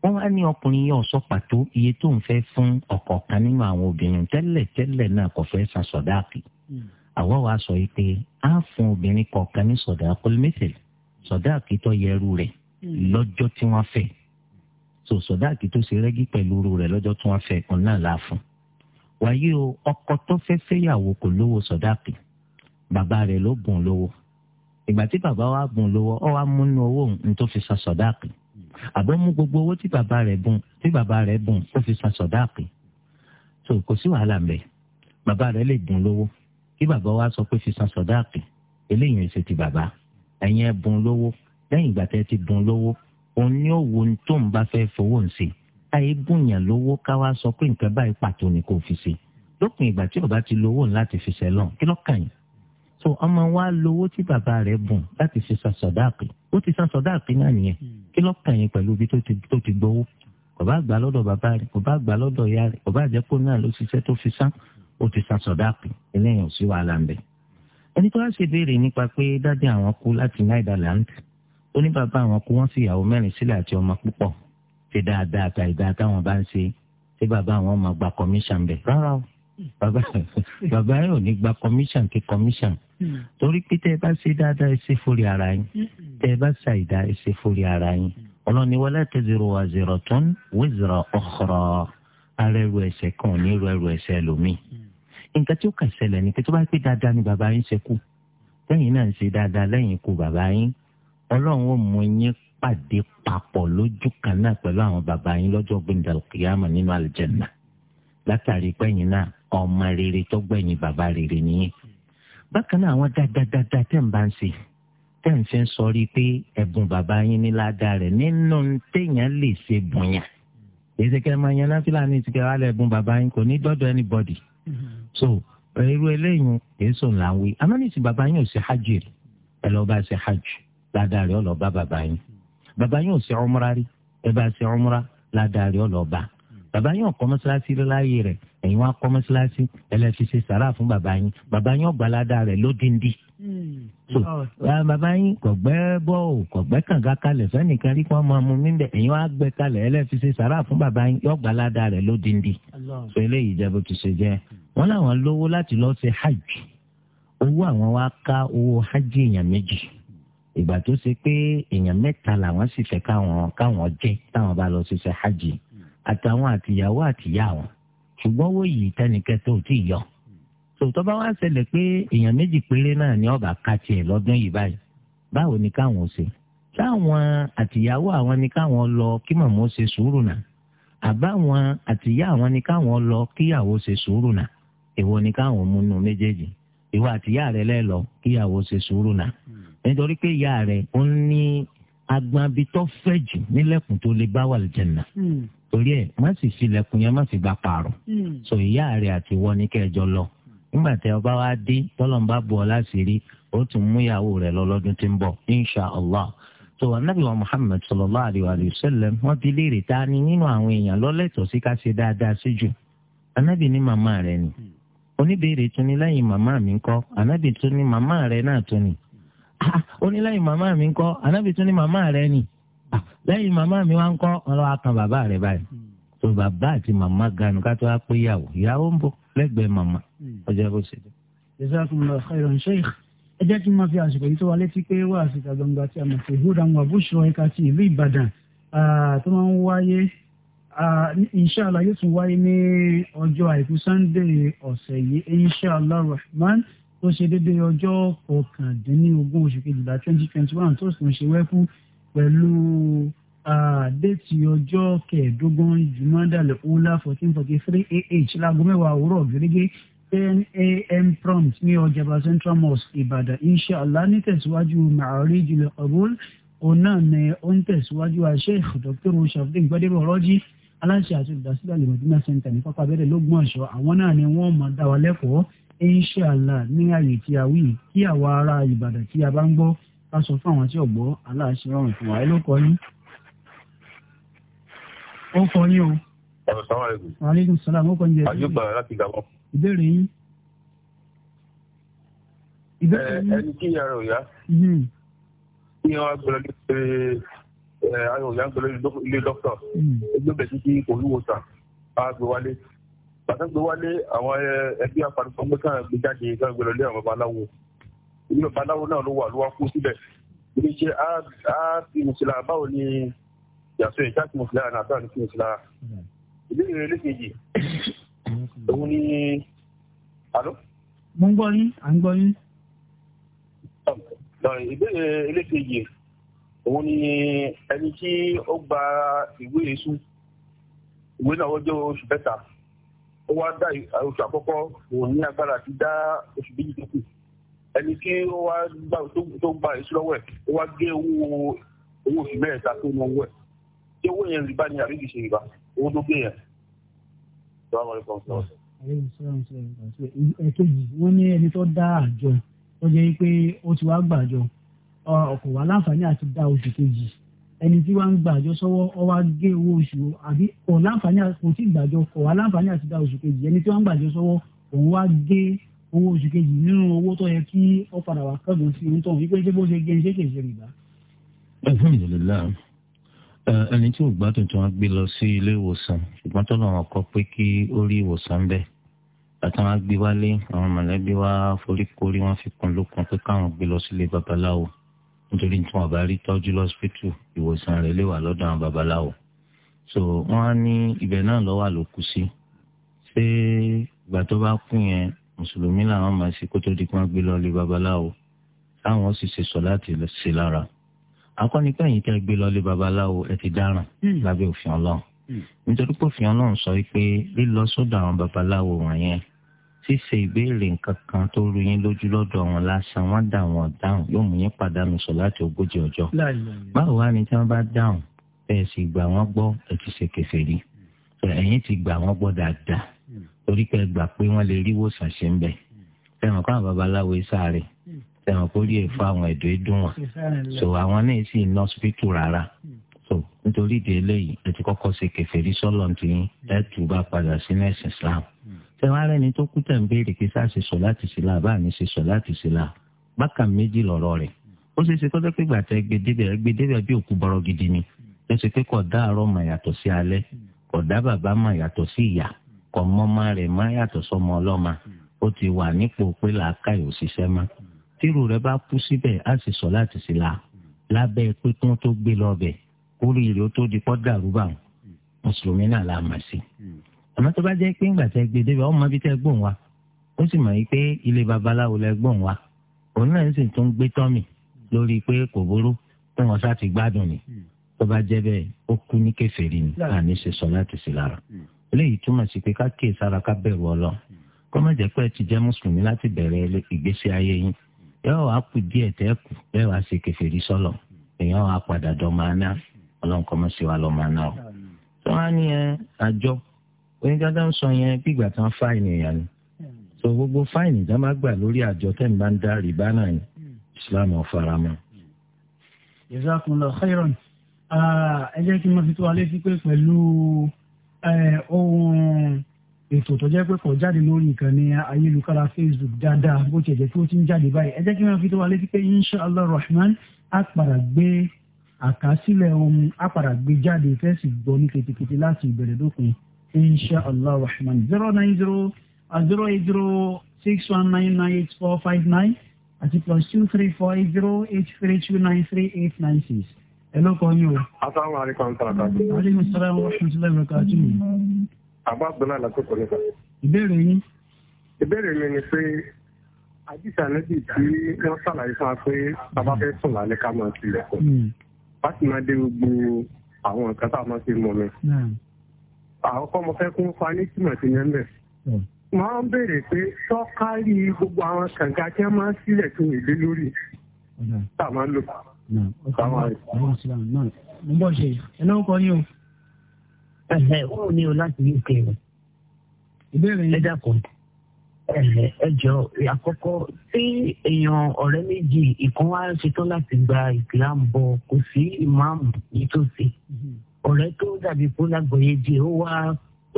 wọ́n wá ní ọkùnrin yóò sọ pàtó iye tó ń fẹ́ fún ọ̀kọ̀ọ̀kan nínú àwọn obìnrin tẹ́lẹ̀ tẹ́lẹ̀ náà kò fẹ́ san sọ̀dáàkì hmm. àwa wàá sọ yìí pé á fún obìnrin kọ̀ọ̀kan ní sọ̀dáàkì mẹ́tẹ̀lẹ̀ sọ̀dáàkì tó yẹrù rẹ̀ hmm. lọ́jọ́ tí wọ́n fẹ́ so sọ̀dáàkì tó ṣe rẹ́gí pẹ̀lú rẹ̀ lọ́jọ́ tí wọ́n fẹ́ kan náà la fún wàyí o ọkọ tó fẹ́ fẹ́yàwó kò lówó sọ̀dáàkì bàbá rẹ̀ ló bùn lówó ìgbà tí bàbá wa bùn lówó ọ wa múnú owó ń tó fi san sọ̀dáàkì àbọ̀ mú gbogbo owó tí bàbá rẹ̀ bùn tí bàbá rẹ̀ bùn ó fi san sọ̀dáàpì tó kò sí wàhálà ń bẹ̀ bàbá rẹ̀ lè dùn lówó kí bàbá wa sọ pé fi san sọ̀dáàpì eléyìí ṣe ti bàbá ẹ̀yin ẹ̀ lówó lẹ́yìn ìgbà tẹ́ ti dùn lówó òun ni ó wo tó ń bá fẹ́ fowó ń ṣe àyè bùnyàn lówó ká wá sọ pé nǹkan báyìí pàtó ni kò fi ṣe lópin ìgbà tí ó bá ti lówó láti fi ṣẹlọ kí lọ́kàn yìí so ọmọ wa lówó tí bàbá rẹ̀ bùn láti fi san sọdáàkì ó ti san sọdáàkì náà nìyẹn hmm. kí lọ́kàn yín pẹ̀lú ibi tó ti gbowó kò bá gbà lọ́dọ̀ bàbá rẹ̀ kò bá gbà lọ́dọ̀ ìyá rẹ̀ kò bá jẹ́ kó náà ló ṣiṣẹ́ tó fi san ó ti san sọdáàkì eléyìí ò sí wàhálà ń bẹ̀. ẹni tó wá ṣe béèrè nípa pé dáadé àwọn kú láti Netherland ó ní bàbá àwọn kú wọ́n sì ìyàwó mẹ́rin sílẹ̀ àti ọmọ púpọ̀ ṣe dáadáa bàbá yóò ní gba commission kí commission hmm. torí pé tẹ́ ẹ bá ṣe dáadáa ẹ ṣe forí ara yín hmm. tẹ́ ẹ bá ṣàìdá ẹ ṣe forí ara yín ọlọ́ni wala taziru waziratun wizra ukhra ara ẹrù ẹ̀ṣẹ̀ kan ní irú ẹrù ẹ̀ṣẹ̀ lómi. Hmm. nǹkan tí ó kà ṣẹlẹ̀ ni pé tó bá pé dáadáa ni bàbá yín ṣe kú lẹ́yìn náà ń ṣe dáadáa lẹ́yìn ikú bàbá yín ọlọ́run ó mú yín pàdé papọ̀ lójú kan náà pẹ̀lú àwọn bàbá yín lọ́jọ́ gbẹ̀ndàlùkìyàmọ̀ nínú àlùjẹ̀nà látàrí pẹ́yìn náà ọmọ rere tó gbẹ̀yìn bàbá rere nìyẹn bákan náà àwọn dáadáa tẹ̀ ń bá ń ṣe tẹ̀ ń fi ń sọrí pé ẹ̀bùn bàbá yín ní ládàá rẹ̀ nínú téèyàn lè ṣe bùnyàn èsì kẹ́ máa yan náfìlà ní ìsìkẹ́ wàhálà ẹ̀bùn bàbá yín kò ní dọ́dọ̀ anybody so irú eléyìí èso ńlá ń wí àmọ́ ní ìsìn bàbá yín ò ṣe hajj rẹ̀ ẹ lọ́ọ́ bá ṣe hajj ládàá rẹ̀ ọ̀ lọ́ọ́ bá bàbá yín bàbá yín ò ṣe ọmúra rí ẹ bá ṣe ọmúra ládàá rẹ̀ ọ̀ lọ́ọ́ bá bàbá yín ò kọ́ mọ́ṣáláṣí láyé rẹ̀ ẹ̀yin wá kọ́ mọ́ṣáláṣí ẹlẹ́fi ṣe sàrà fún bàbá yín bàbá yín ọ̀gbàládà rẹ̀ lódìndí. Hmm. so oh. bàbá yín kò gbẹ́ bọ́ ò kò gbẹ́ kànga kalẹ̀ sẹ́nìkan rí kó máa mú mi bẹ̀ ẹ̀yin wá gbẹ́ kalẹ̀ ẹlẹ́fi ṣe sàrà fún bàbá yín ọ̀gbàládà rẹ̀ lódìndí. so eléyìí jẹ́ bó ti ṣe jẹ́ wọ́n láwọn lówó láti lọ́ọ́ ṣe hajj owó àwọn wá ká owó hajj èèyàn méjì ìgbà tó ṣe pé èèyàn mẹ́ta làwọn sì fẹ́ káwọn káwọn jẹ́ táwọn bá lọ ṣiṣẹ́ hajj àtàwọn àtìyàwó àtìyá àwọn ṣùgbọ́n owó yìí tẹnikẹ́ tó ti yọ. tòótọ́ bá wá ṣẹlẹ̀ pé èèyàn méjì péré náà ni ọba ka tiẹ̀ lọ́dún yìí báyìí báwo ni káwọn ó ṣe táwọn àtìyàwó àwọn ni káwọn lọ kí màmá ó ṣe sùúrù náà àbáwọn àtìyá àwọn ni káwọn lọ kíyàwó ṣe sùúrù náà èwo ni káwọn mú nu méjèèjì ìwọ àtìyá rẹ lẹ lọ kíyàwó ṣe sùúrù náà nítorí pé ìyá rẹ ó ní agbábitọ́ nílẹ̀kùn tó lè bá wà lìjẹ̀nà torí ẹ má sì filẹ̀kùn yẹn má sì gbà pààrọ̀ hmm. so ìyá rẹ àti wọ́n ní kẹjọ lọ nígbà tẹ ọba wa dé tọlọmọba bọ ọ láṣìírí ó tún mú ìyàwó rẹ lọ lọ́dún tí ń bọ̀ insha allah so anabi wa muhammad sallallahu alayhi wa sallam wọ́n ti léèrè ta ni nínú àwọn èèyàn lọ́lẹ́tọ̀ọ́ sí ká ṣe dáadáa sí jù anabi ní màmá rẹ ni hmm. oníbèrè tún ní lẹ́yìn màmá mi ńkọ́ anabi tún ní màmá rẹ náà tún ní onílẹ́yìn màmá mi ńkọ́ anabi tún ní màmá rẹ ni Ah, lẹ́yìn màmá mi wá ń kọ́ ọlọ́wà kan bàbá rẹ̀ báyìí tó bàbá àti màmá ganu ká tó wá pé ìyàwó ìyàwó ń bọ̀ lẹ́gbẹ̀ẹ́ màmá ọjọ́ hmm. bó ṣe dé. jazakumullahu khairan sheikh ẹ jẹ́ kí n máa fi àsìkò yìí tó wa létí pé wà síta gbangba tí a mọ̀ sí hudan wa bushra ẹ̀ka ti ìlú ìbàdàn tó máa ń wáyé inṣàlá yóò tún wáyé ní ọjọ́ àìkú sunday ọ̀sẹ̀ yìí inṣàlá rahman tó ṣe déédéé ọjọ́ kọkàndínlógún oṣù kejìlá twenty twenty one tó sì ń ṣe wẹ́kú pẹ̀lú déètì ọjọ́ kẹẹ̀ẹ́dógún jùmọ́dàlẹ̀ ọ̀la fourteen forty three ah láago mẹ́wàá òwúrọ̀ gẹ́gẹ́ ten a.m. prompt ní ọjàba central mosque ìbàdàn inshallah nítẹ̀síwájú ma'arijul qabul òun náà ni ó ń tẹ̀síwájú Sheikh Dr. Shafdin Gbadebo Ọ̀rọ̀jì aláṣẹ àti olùdásílẹ̀ alimọ̀dúnà sẹ́ńtà ní pápá abẹ́rẹ́ lógún ọ̀ṣọ́ àwọn náà ni wọ́n mọ̀ dá wa lẹ́kọ̀ọ́ inshallah ní àyè tí a wí kí àwa ará ìbàdàn tí a bá ń gbọ́ ká sọ fún àwọn tí ò gbọ́ aláàṣẹ ọ̀rùn fún wa ẹ ló kọ yín. ó kọ yín o. ọ̀rọ̀ sáwọn ẹ̀gbọ́n. maaleykum salaam ó kọ yín jẹ́. àyùbá láti gàbọ̀. ìbéèrè yín. ìbéèrè yín. ẹni kí ìyá rẹ̀ ò yá. Mhm. kí wọ́n gbọ́dọ̀ ní pé ayọ̀ òyà ń gbọ́dọ̀ ilé dókítà. Mhm. ẹgbẹ́ bẹ̀ títí kò ní wòsàn. gbé wálé. bàtà wálé àwọn ẹbí apàdùkọ́ mẹ́ta gbé jáde káwọn lé àwọn babaláwo ìlú babaláwo náà ló wà ló wá kú síbẹ̀ ibi ṣe á fi mùsùlá báwo ni yàtọ̀ ìjà fi mùsùlá àná àbáwọn fi mùsùlá ìlú ìrìn elékejì òun ni àló. mo ń gbọ́ yín à ń gbọ́ yín. ìbéèrè elékejì òun ni ẹni tí ó gba ìwé èṣù ìwé náà wọ́n oṣù mẹ́ta ó wá dá oṣù àkọ́kọ́ òun ní agbára ti dá oṣù méjì tó ẹni kí ó wá gbà tó gba ìṣúlọ́wọ́ ẹ̀ ó wá gé owó owó oṣù mẹ́ẹ̀ta tó nu owó ẹ̀ tí owó yẹn rìbá ni àbí kì í ṣe rìbá owó tó gbé yẹn. ẹ̀kejì wọ́n ní ẹni tó dá àjọ tó jẹ́ pé ó ti wá gbàjọ ọkọ̀ wà láǹfààní àti dá oṣù kejì ẹni tí wàá ń gbàjọ sọ́wọ́ ọ wá gé owó oṣù àbí kò láǹfààní kò tí gbàjọ kò wá láǹfààní àti dá oṣù kejì ẹni tí wàá ń gbàjọ sọ́wọ́ òun wá gé owó oṣù kejì nínú owó tó yẹ kí ó padà wà kẹ́gùn sí ohun tó ń wípé ṣé bó ṣe gé ṣé kèsì rìbá. alhamdulilayi ẹni tí ò gbádùn tí wọ́n gbé lọ sí ilé ìwòsàn ṣùgbọ́n tó lọ́wọ́ kọ́ pé kí ó rí ìwòsàn bẹ́ẹ̀ àtàwọn agbé wálé àwọn mọ̀lẹ́bí wa foríkorí wọ́n fi kún lókun pé káwọn gbé lọ sílé babaláwo nítorí tí wọ́n bá rí tọ́jú lọ́sípítù ìwòsàn rẹ̀ lè wà lọ́dọ̀ àwọn babaláwo so wọ́n á ní ibẹ̀ náà lọ́wọ́ àlòkù sí ṣé ìgbà tó bá kú yẹn mùsùlùmí làwọn máa ṣe kó tó di kí wọ́n gbé lọ lé babaláwo táwọn sì ṣe sọ láti ṣe lára akọ́nipẹ́ yìí tẹ́ gbé lọ lé babaláwo ẹ ti dáràn hmm. lábẹ́ òfin ọlọ́run hmm. nítorí pé òfin ọlọ́run sọ pé lílọ sọ́dọ̀ àwọn babaláwo wọ̀nyẹn ṣíṣe ìbéèrè nǹkan kan tó rú yín lójú lọ́dọ̀ wọn lásán wọ́n dà wọ́n dáhùn yóò mú yín pàdánù sọ láti ogójì ọjọ́ báwo wá ni tí wọ́n bá dáhùn ẹ̀ sì gbà wọ́n gbọ́ ẹ̀ ti ṣe kèfèrí hmm. ẹ̀yin ti gbà wọ́n gbọ́ dáadáa torí pé gbà pé wọ́n lè rí ìwòsàn ṣe ń bẹ̀ tẹ̀wọ̀n káwọn babaláwo sáré tẹ̀wọ̀n kó rí èèfọ́ àwọn ẹ̀dọ́ ìdùn wọn so àwọn náà sì ń lọ́sípítù rárá so nítorí ìdí eléyìí ẹ ti kọ́kọ́ ṣe kèfèrí sọ́lọ̀ tí ẹ tù bá padà sínú ẹ̀sìn Islam tẹ̀wọ̀n ara ẹni tó kú tẹ̀ ń béèrè pé sáà ṣe sọ láti ṣe là bá mi ṣe sọ láti ṣe là bákan méjì lọ̀rọ̀ rẹ̀ ó ṣeé ṣe kọ́jọ́ pé gbàtẹ́ gbedébẹ̀ gbedébẹ̀ bí òkú bọ̀rọ̀ gidi ni ó ṣe pé kódà àárọ̀ mà yàtọ̀ sí alẹ́ kódà bàbá mà yàtọ̀ sí ìyá kọ̀ mọ́mọ́ rẹ̀ má yàtọ̀ sọmọ ọlọ́mà ó ti wà nípò pé làákàyè òṣìṣẹ́ má tírù rẹ̀ bá kú síbẹ̀ á sì sọ láti sí la lábẹ́ pé kí wọ́n tó gbé lọ bẹ̀ orí rẹ̀ ó tó di pọ́ dàrú bá wọn mùsùlùmí náà la mà sí. àmọ́ tó bá jẹ́ pé ńgbà tẹ́ gbé débi ọmọ bíi tẹ́ gbóhùn wa ó sì mọ̀ yí pé ilé babaláwo lẹ gbóhùn wa òun náà sì tún gbé tọ́mì lórí pé kò burú tí wọ́n sá ti gbádùn ni tó bá jẹ́ bẹ́ẹ̀ ó kú ní kèfèrí ni àní eléyìí túmọ̀ sí pé ká kíyè sára ká bẹ̀rù ọlọ́run kọ́ má jẹ́ pé ẹ ti jẹ́ mùsùlùmí láti bẹ̀rẹ̀ ìgbésí ayé yín yóò wá kù díẹ̀ tẹ́ kù bẹ́ẹ̀ wá ṣe kèfèrí sọ́lọ̀ èèyàn wá padà dọ̀ máa ná ọlọ́run kọ́ mọ́ sí wa lọ́ máa ná o. tó wá ní ẹ àjọ onídàájọ́ ń sọ yẹn bí ìgbà tán fáìnì èèyàn ni tó gbogbo fáìnì tó máa gbà lórí àjọ tẹ́mi ah, ẹ jẹ́ kí n máa fi tó wa létí pé pẹ̀lú ohun ètò tó jẹ́ pé kò jáde lórí ìkànnì ayélujára facebook dáadáa bó tiẹ̀ jẹ́ pé ó ti ń jáde báyìí ẹ jẹ́ kí wọ́n fi tó wa létí pé inshallah rahman á padà gbé àkásílẹ̀ ohun á padà gbé jáde fẹ́sì gbọ́ ní ketekete láti ìbẹ̀rẹ̀ dópin inshallah rahman zero nine zero uh, zero eight zero six one nine nine eight four five nine àti plus two three four eight zero eight three two nine three eight nine six ẹlọ́kọ̀ yìí o. asáwọn àríkàn tààtà. aleyhi salaam wa rahmatulahi wa barakatuhu. àbá abdullahi alasoko nípa. ìbéèrè yín. ìbéèrè mi ni pé àdìsá níbi tí wọ́n ṣàlàyé fún wa pé bàbá fẹ́ sùn lálẹ́ ká máa ti lẹ̀kọ́. Hmm. láti máa dé gbogbo àwọn nǹkan tá a máa fi mọ̀ mi. Hmm. àwọn kọ́ mo fẹ́ kún fa ní tìmọ̀ sí yẹn bẹ̀. Hmm. máa ń béèrè pé sọ́kárí gbogbo àwọn kàǹgá tí wọ́n máa ń sílẹ̀ tó ìdí lórí tá máa ń lò. Mo bọ̀ ṣe, ẹ náà kọ́ yín o. Ẹ̀hẹ̀ ó ní o láti UK o. Ìbéèrè yín. Ẹ dákun. Ẹ̀hẹ̀ ẹ jọ àkọ́kọ́ tí èèyàn ọ̀rẹ́ méjì ìkan wá ṣetán láti gba ìsìlámù bọ̀ kò sí ìmáàmù nítòsí. Mhm. Ọ̀rẹ́ tó dàbí kó lágbọ̀ọ́yé jẹ́ ó wá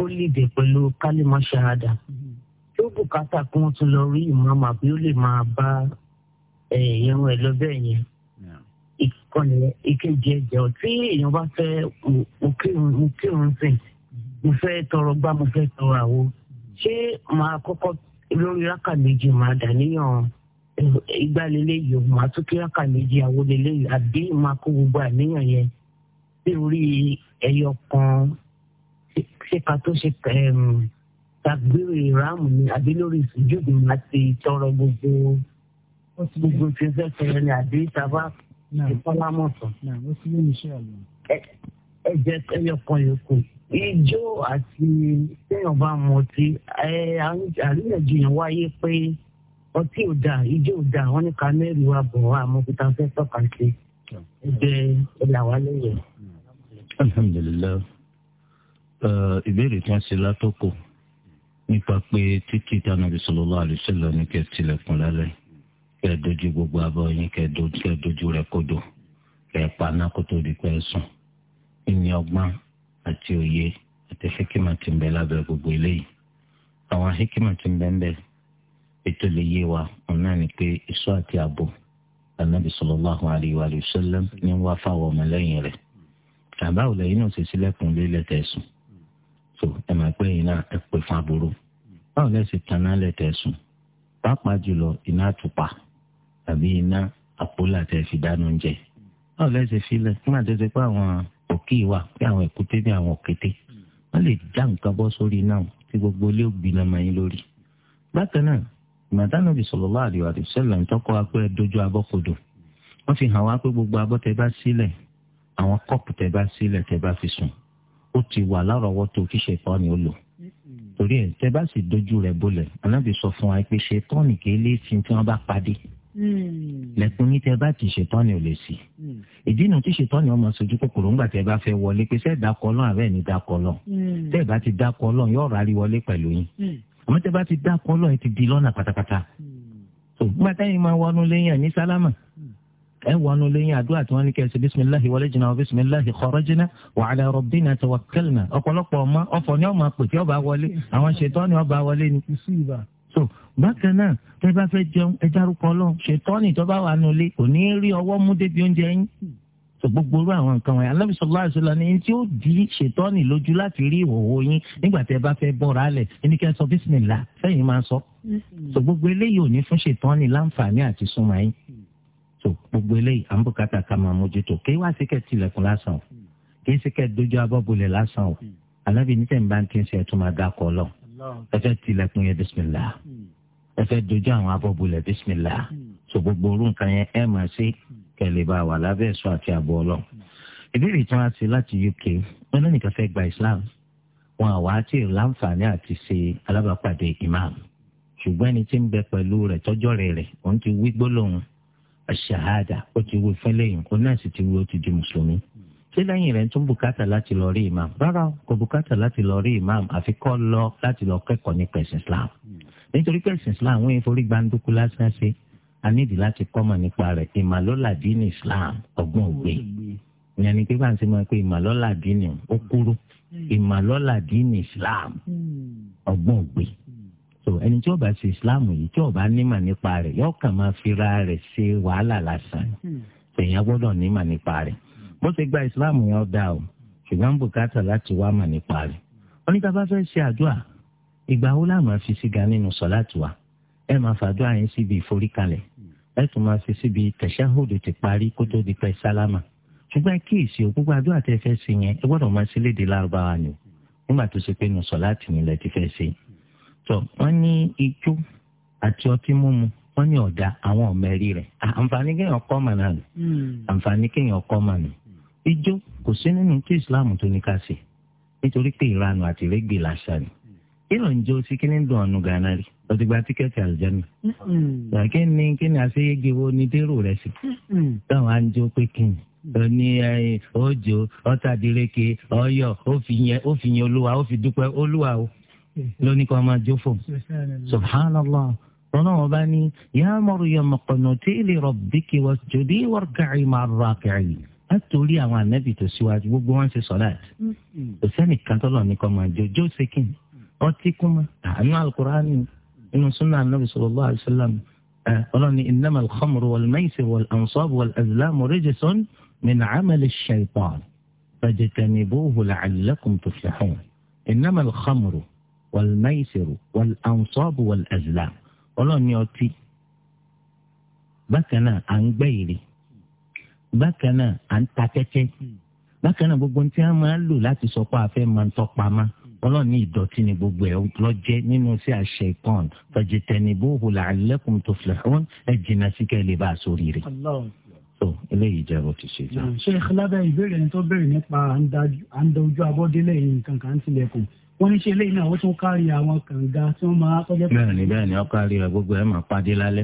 ó lìdè pẹ̀lú kálímọ̀ ṣahada. Mhm. Tó bùkátà kí wọ́n tún lọ rí ìmáàmù àbí ó lè máa bá ẹ̀yẹ̀wọ̀n ẹ̀ lọ yẹn kan nìyẹn èkejì ẹ̀jẹ̀ ọ̀ tí èèyàn bá fẹ́ mo kírun sìn mo fẹ́ tọrọ gbá mo fẹ́ tọrọ àwo ṣé màá kọ́kọ́ lórí rákà méjì màá dà níyàn ìgbàlélé yìí màá tún kí rákà méjì àwo lélẹ̀ yìí àbí màá kó gbogbo àníyàn yẹn sí orí ẹyọ kan ṣe ká tó ṣe tàgbéwò ìráàmù ni àbí lórí ìsúnjú mi àti tọrọ gbogbo gbogbo tí ó fẹ́ ni àbí sábà ìfọlámọ̀tọ̀. ẹ̀jẹ̀ ẹyọ kan yòókù ijó àti téèyàn bá mu ọtí àríyànjiyàn wáyé pé ọtí ò dáa ijó ò dáa wọn ní ká mẹ́rin wa bọ̀ wá mú kíta fẹ́ tọ́ka sí ẹgbẹ́ ìlà wa lẹ́yìn. alhamdulilayi ìbéèrè tí wọ́n ṣe látọkọ nípa pé títí tánàbí sallallahu alaihi wasallam ní kẹ tilẹ̀kùn lálẹ́ yìí kẹ́ dojú gbogbo abọ́ yín kẹ́ dojú rẹ̀ kodò kẹ́ paná kó tó di pẹ́ sùn ìní ọgbọ́n àti òye àti hikima ti ń bẹ lábẹ́ gbogbo eléyìí àwọn hikima ti ń bẹ ń bẹ ètò lè yé wa òun náà ni pé ìṣọ́ àti ààbò anabi sallallahu alayhi wa sallam ní wá fáwọn ọmọlẹ́yìn rẹ̀ bàbá ò lẹ́yìn náà ṣe sílẹ̀kùn lélẹ̀ tẹ̀sùn tó ẹ máa pé iná ẹ pè fún aburú báwo lẹ́sìn tanná lẹ̀ tẹ̀sùn jùlọ iná àtùpà àbí iná àpólà tẹ́ fi dáná oúnjẹ báwo lẹ́ ṣe filẹ̀ nígbà tó ṣe pé àwọn òkè wà pé àwọn èkúté ní àwọn òkété wọ́n lè já nǹkan bọ́ sórí náà tí gbogbo ilé ògbìn náà máa ń lórí. bákan náà ìmọ̀tánà bí sallallahu alaihi wa sallam ń tọ́kọ wa pé dojú abọ́kodò wọ́n fi hàn wá pé gbogbo abọ́ tẹ́ bá sílẹ̀ àwọn kọ́ọ̀pù tẹ́ bá sílẹ̀ tẹ́ bá fi sùn ó ti wà lárọ̀ọ́wọ́tó kí ṣètánì ó lò torí ẹ̀ tẹ́ bá sì dojú rẹ̀ bolẹ̀ Hmm. lẹ̀kùn yín tẹ́ bá ti ṣètọ́ni ò lè sí hmm. ìdí nu tí ṣètọ́ni ọmọ sojú kòkòrò ńgbà tẹ́ bá fẹ́ wọlé pé sẹ́ẹ̀ dákọ̀ ọlọ́run àbẹ́ẹ̀ ni dákọ̀ ọlọ́run hmm. tẹ́ẹ̀ bá ti dákọ̀ ọlọ́run yóò rárí wọlé pẹ̀lú yín àmọ́ tẹ́ bá ti dákọ̀ ọlọ́run ti di lọ́nà pátápátá ògbà táyìn máa wọnú lẹ́yìn àní sálámà ẹ wọnú lẹ́yìn àdúrà tí wọ́n ní kẹ́sì bisimilahi walajna wa bisimilahi kharajna wa ala rabbina tawakkalna ọ̀pọ̀lọpọ̀ ọmọ ọ̀fọ̀ ni ọmọ pè tí ọba wọlé àwọn ṣètọ́ ni ọba wọlé ni so bákan náà tẹ bá fẹ́ jẹun ẹ dárúkọ Ọlọ́run ṣètọ́nì tó bá wà nulẹ̀ kò ní rí ọwọ́ mú débi oúnjẹ yín so gbogbo irú àwọn nǹkan wọ̀nyí Ànábì sallallahu alaihi wasallam tí ó di ṣètọ́nì lójú láti rí ìhòòhò yín nígbà tẹ bá fẹ́ bọ́ra lẹ̀ ẹni kẹ́ sọ bísímìlà sẹ́yìn máa sọ so gbogbo eléyìí ò ní fún ṣètọ́nì láǹfààní àti súnmọ́ yín so gbogbo eléyìí à ń bùkátà ká máa mójútó kí wá sí tilẹ̀kùn lásán o kì í sí kẹ́ dojú abọ́bulẹ̀ lásán o Ànábì nítẹ̀ ń bá ń tí ń ṣe ẹ̀tún máa dákọ̀ ọlọ́run ẹ fẹ́ tilẹ̀kùn yẹn bisimilá ẹ fẹ́ dojú àwọn abọ́bulẹ̀ bisimilá so gbogbo orú nǹkan yẹn ẹ máa ṣe kẹlẹ́ bá wà lábẹ́ ẹ̀ṣọ́ àti àbọ̀ ọlọ́ ìbéèrè tí wọ́n á ṣe láti UK wọn náà nìkan fẹ́ gba Islam wọn àwa àti láǹfààní àti ṣe alábàápàdé imam ṣùgbọ́n ẹni tí ń bẹ pẹ̀lú rẹ̀ tọ́jọ́ rẹ̀ rẹ̀ òun ti wí gbólóhùn aṣahada ó ti wí fẹ́lẹ́yìn òun náà sì ti wí ó ti di mùsùlùmí ṣé lẹ́yìn rẹ̀ tún bùkátà láti lọ rí imam rárá kò bùkátà láti lọ rí imam àfi kọ́ lọ láti lọ kẹ́kọ̀ọ́ nípa ẹ̀sìn islam nítorí pé ẹ̀sìn islam wọ́n yẹn forí gbàǹdùkú lásán ṣe a láti kọ́mọ̀ nípa rẹ̀ ìmàlọ́lá dínì islam ọgbọ́n ògbé ìyẹn ni pé bá ń ṣe máa pé ìmàlọ́lá dínì ó kúrú ìmàlọ́lá dínì islam ọgbọ́n ògbé so ẹni tí ó bá ṣe islam yìí tí ó bá nímọ̀ nípa rẹ̀ yóò kàn máa bó ṣe gba islam yẹn ó dáa o ṣùgbọ́n bùkátà láti wá mà nípa rẹ̀ oníta bá fẹ́ ṣe àdúrà ìgbà wo la máa fi síga nínú sọ̀láàtì wa ẹ máa fàdúrà yín síbi ìforíkalẹ̀ ẹ tún máa fi síbi tẹ̀síáhódù ti parí kó tó di pẹ́ sálámà ṣùgbọ́n kíyèsí o gbogbo àdúrà tẹ́ fẹ́ ṣe yẹn ẹ gbọ́dọ̀ máa ṣe lárúbáwá ni nígbà tó ṣe pé nù sọ̀láàtì ni lẹ́ ti fẹ́ ṣe tọ́ wọ́n ní ijó àti ọtí mímu wọ́n ní ọ̀dà àwọn ọ̀mẹ́rí rẹ̀ àǹfààní kéèyàn kọ́ mànà hmm. àǹfààní kéèyàn kọ́ mànà ijó kò sí nínú tí islam tó ní ká ṣe nítorí pé ìranù àti rẹ́gbẹ̀ làṣà ni ìlò ń jó sí kíní dùn ọ̀nù gánà rí ọtí gba tíkẹ́ẹ̀tì àlùjáná kí ni kí ni àṣeyége wo ni dérò rẹ sí táwọn á ń jó pé kí ni ní ọjọ́ ọ̀tàdírẹ́kẹ ọ̀yọ́ ó fi yẹn olúwa ó fi dúpẹ́ olúwa o lóní kan máa jó fún subhanallah ọlọ́run bá ní ya Maryam qanati li rabbiki wasjudi warka'i ma'ar raki'in látòrí àwọn ànábì tó síwájú gbogbo wọn ṣe sọláàtì mm-hmm. kò sẹ́nìkan tọ́lọ̀ nìkan máa jọ jọ ṣèkìn ọtí kúmọ àánú alukur'ani inú sunna anabi sallallahu alaihi wasallam ọlọ́ni innama al-khamru wal-maisir wal-ansabu wal-azlamu rijsun min amali ash-shaytan fajtanibuhu la'allakum tuflihun innama bákan náà à ń ta tẹ́tẹ́ bákan náà gbogbo tí a máa ń lò láti sọ pé a fẹ́ máa ń tọ́pa ma ọlọ́run ní ìdọ̀tí ni gbogbo ẹ̀ lọ́jẹ́ nínú sí àṣẹ ìkàn fajtanibuhu la'allakum tuflihun ẹ̀ jìnnà sí kẹ́ lè bá a sórí rẹ̀. tó eléyìí jẹ́ bó ṣe jẹ́. ṣé ìkọlábẹ́ ìbéèrè ẹni tó béèrè nípa à ń dojú abọ́dé nǹkan kan tilẹ̀kùn wọ́n ní ṣe eléyìí náà ó tún kárí àwọn kànga tí wọ́n máa tọ́jú. bẹ́ẹ̀ ni bẹ́ẹ̀ ni ọ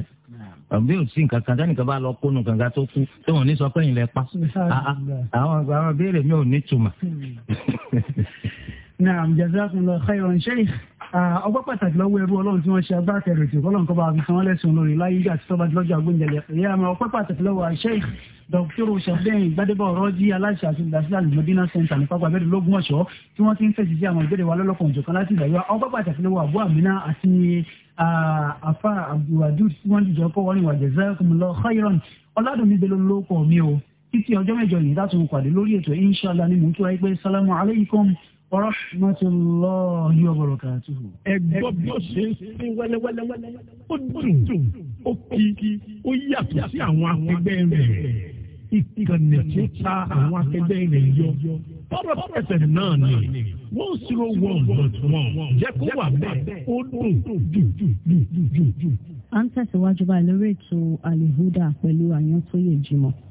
àbí ò sí nǹkan kan tẹ́nìkan bá lọ kónú kankan tó kú tí wọ́n ní sọ pé ìlẹ̀ pa ah, ah. àwọn àwọn béèrè mi ò ní tuma. naam jazakumullahu khairan sheikh. Ah, ọgbọ́n pàtàkì lọ́wọ́ ẹrú ọlọ́run tí wọ́n ṣe agbátẹrù tí ọlọ́run kọ́ bá fi san wọ́n lẹ́sùn lórí láyé ìgbà tí tọ́ba lọ́jọ́ agbóúnjẹlẹ̀ ẹ̀yà àmọ́ ọgbọ́n pàtàkì lọ́wọ́ àṣẹ dọkítọrọ ṣàbẹ́yìn gbadébọ̀ ọ̀rọ̀ jí aláṣẹ àti olùdásílẹ̀ àlùmọ́dínà center ní pápá abẹ́rẹ́ lógúnmọ̀ṣọ́ tí wọ́n ti ń fèsì sí àwọn ìbéèrè wa lọ́lọ́kan òjọ̀kan láti ìgbà yíwá ọgbọ́n pàtàkì lọ́wọ́ àbú àmínà àti àfa abdulwadud tí wọ́n dìjọ́ kọ́ wọ́n ní wàjẹ́ zakumullahu khairan ọ̀làdùnmí belo lóko mi o títí ọjọ́ mẹ́jọ yìí dátun pàdé lórí ètò inshallah ní mú kí wáyé pé sálámù alaykum rahmatulahi wa barakatuhu. ẹgbọ́ bí ó ṣe ń sin wẹ́lẹ́wẹ́lẹ́ ó dùn ó kí ó yàtọ̀ sí àwọn akẹgbẹ́ rẹ̀ ìkànnì tó ta àwọn akẹgbẹ́ rẹ̀ yọ tọrọ ẹsẹ̀ náà ni one zero one dot one jẹ́ kó wà bẹ́ẹ̀ ó dùn jù jù jù jù jù. à ń tẹ̀síwájú báyìí lórí ètò àlèhúdà pẹ̀lú àyàntóyè jimoh.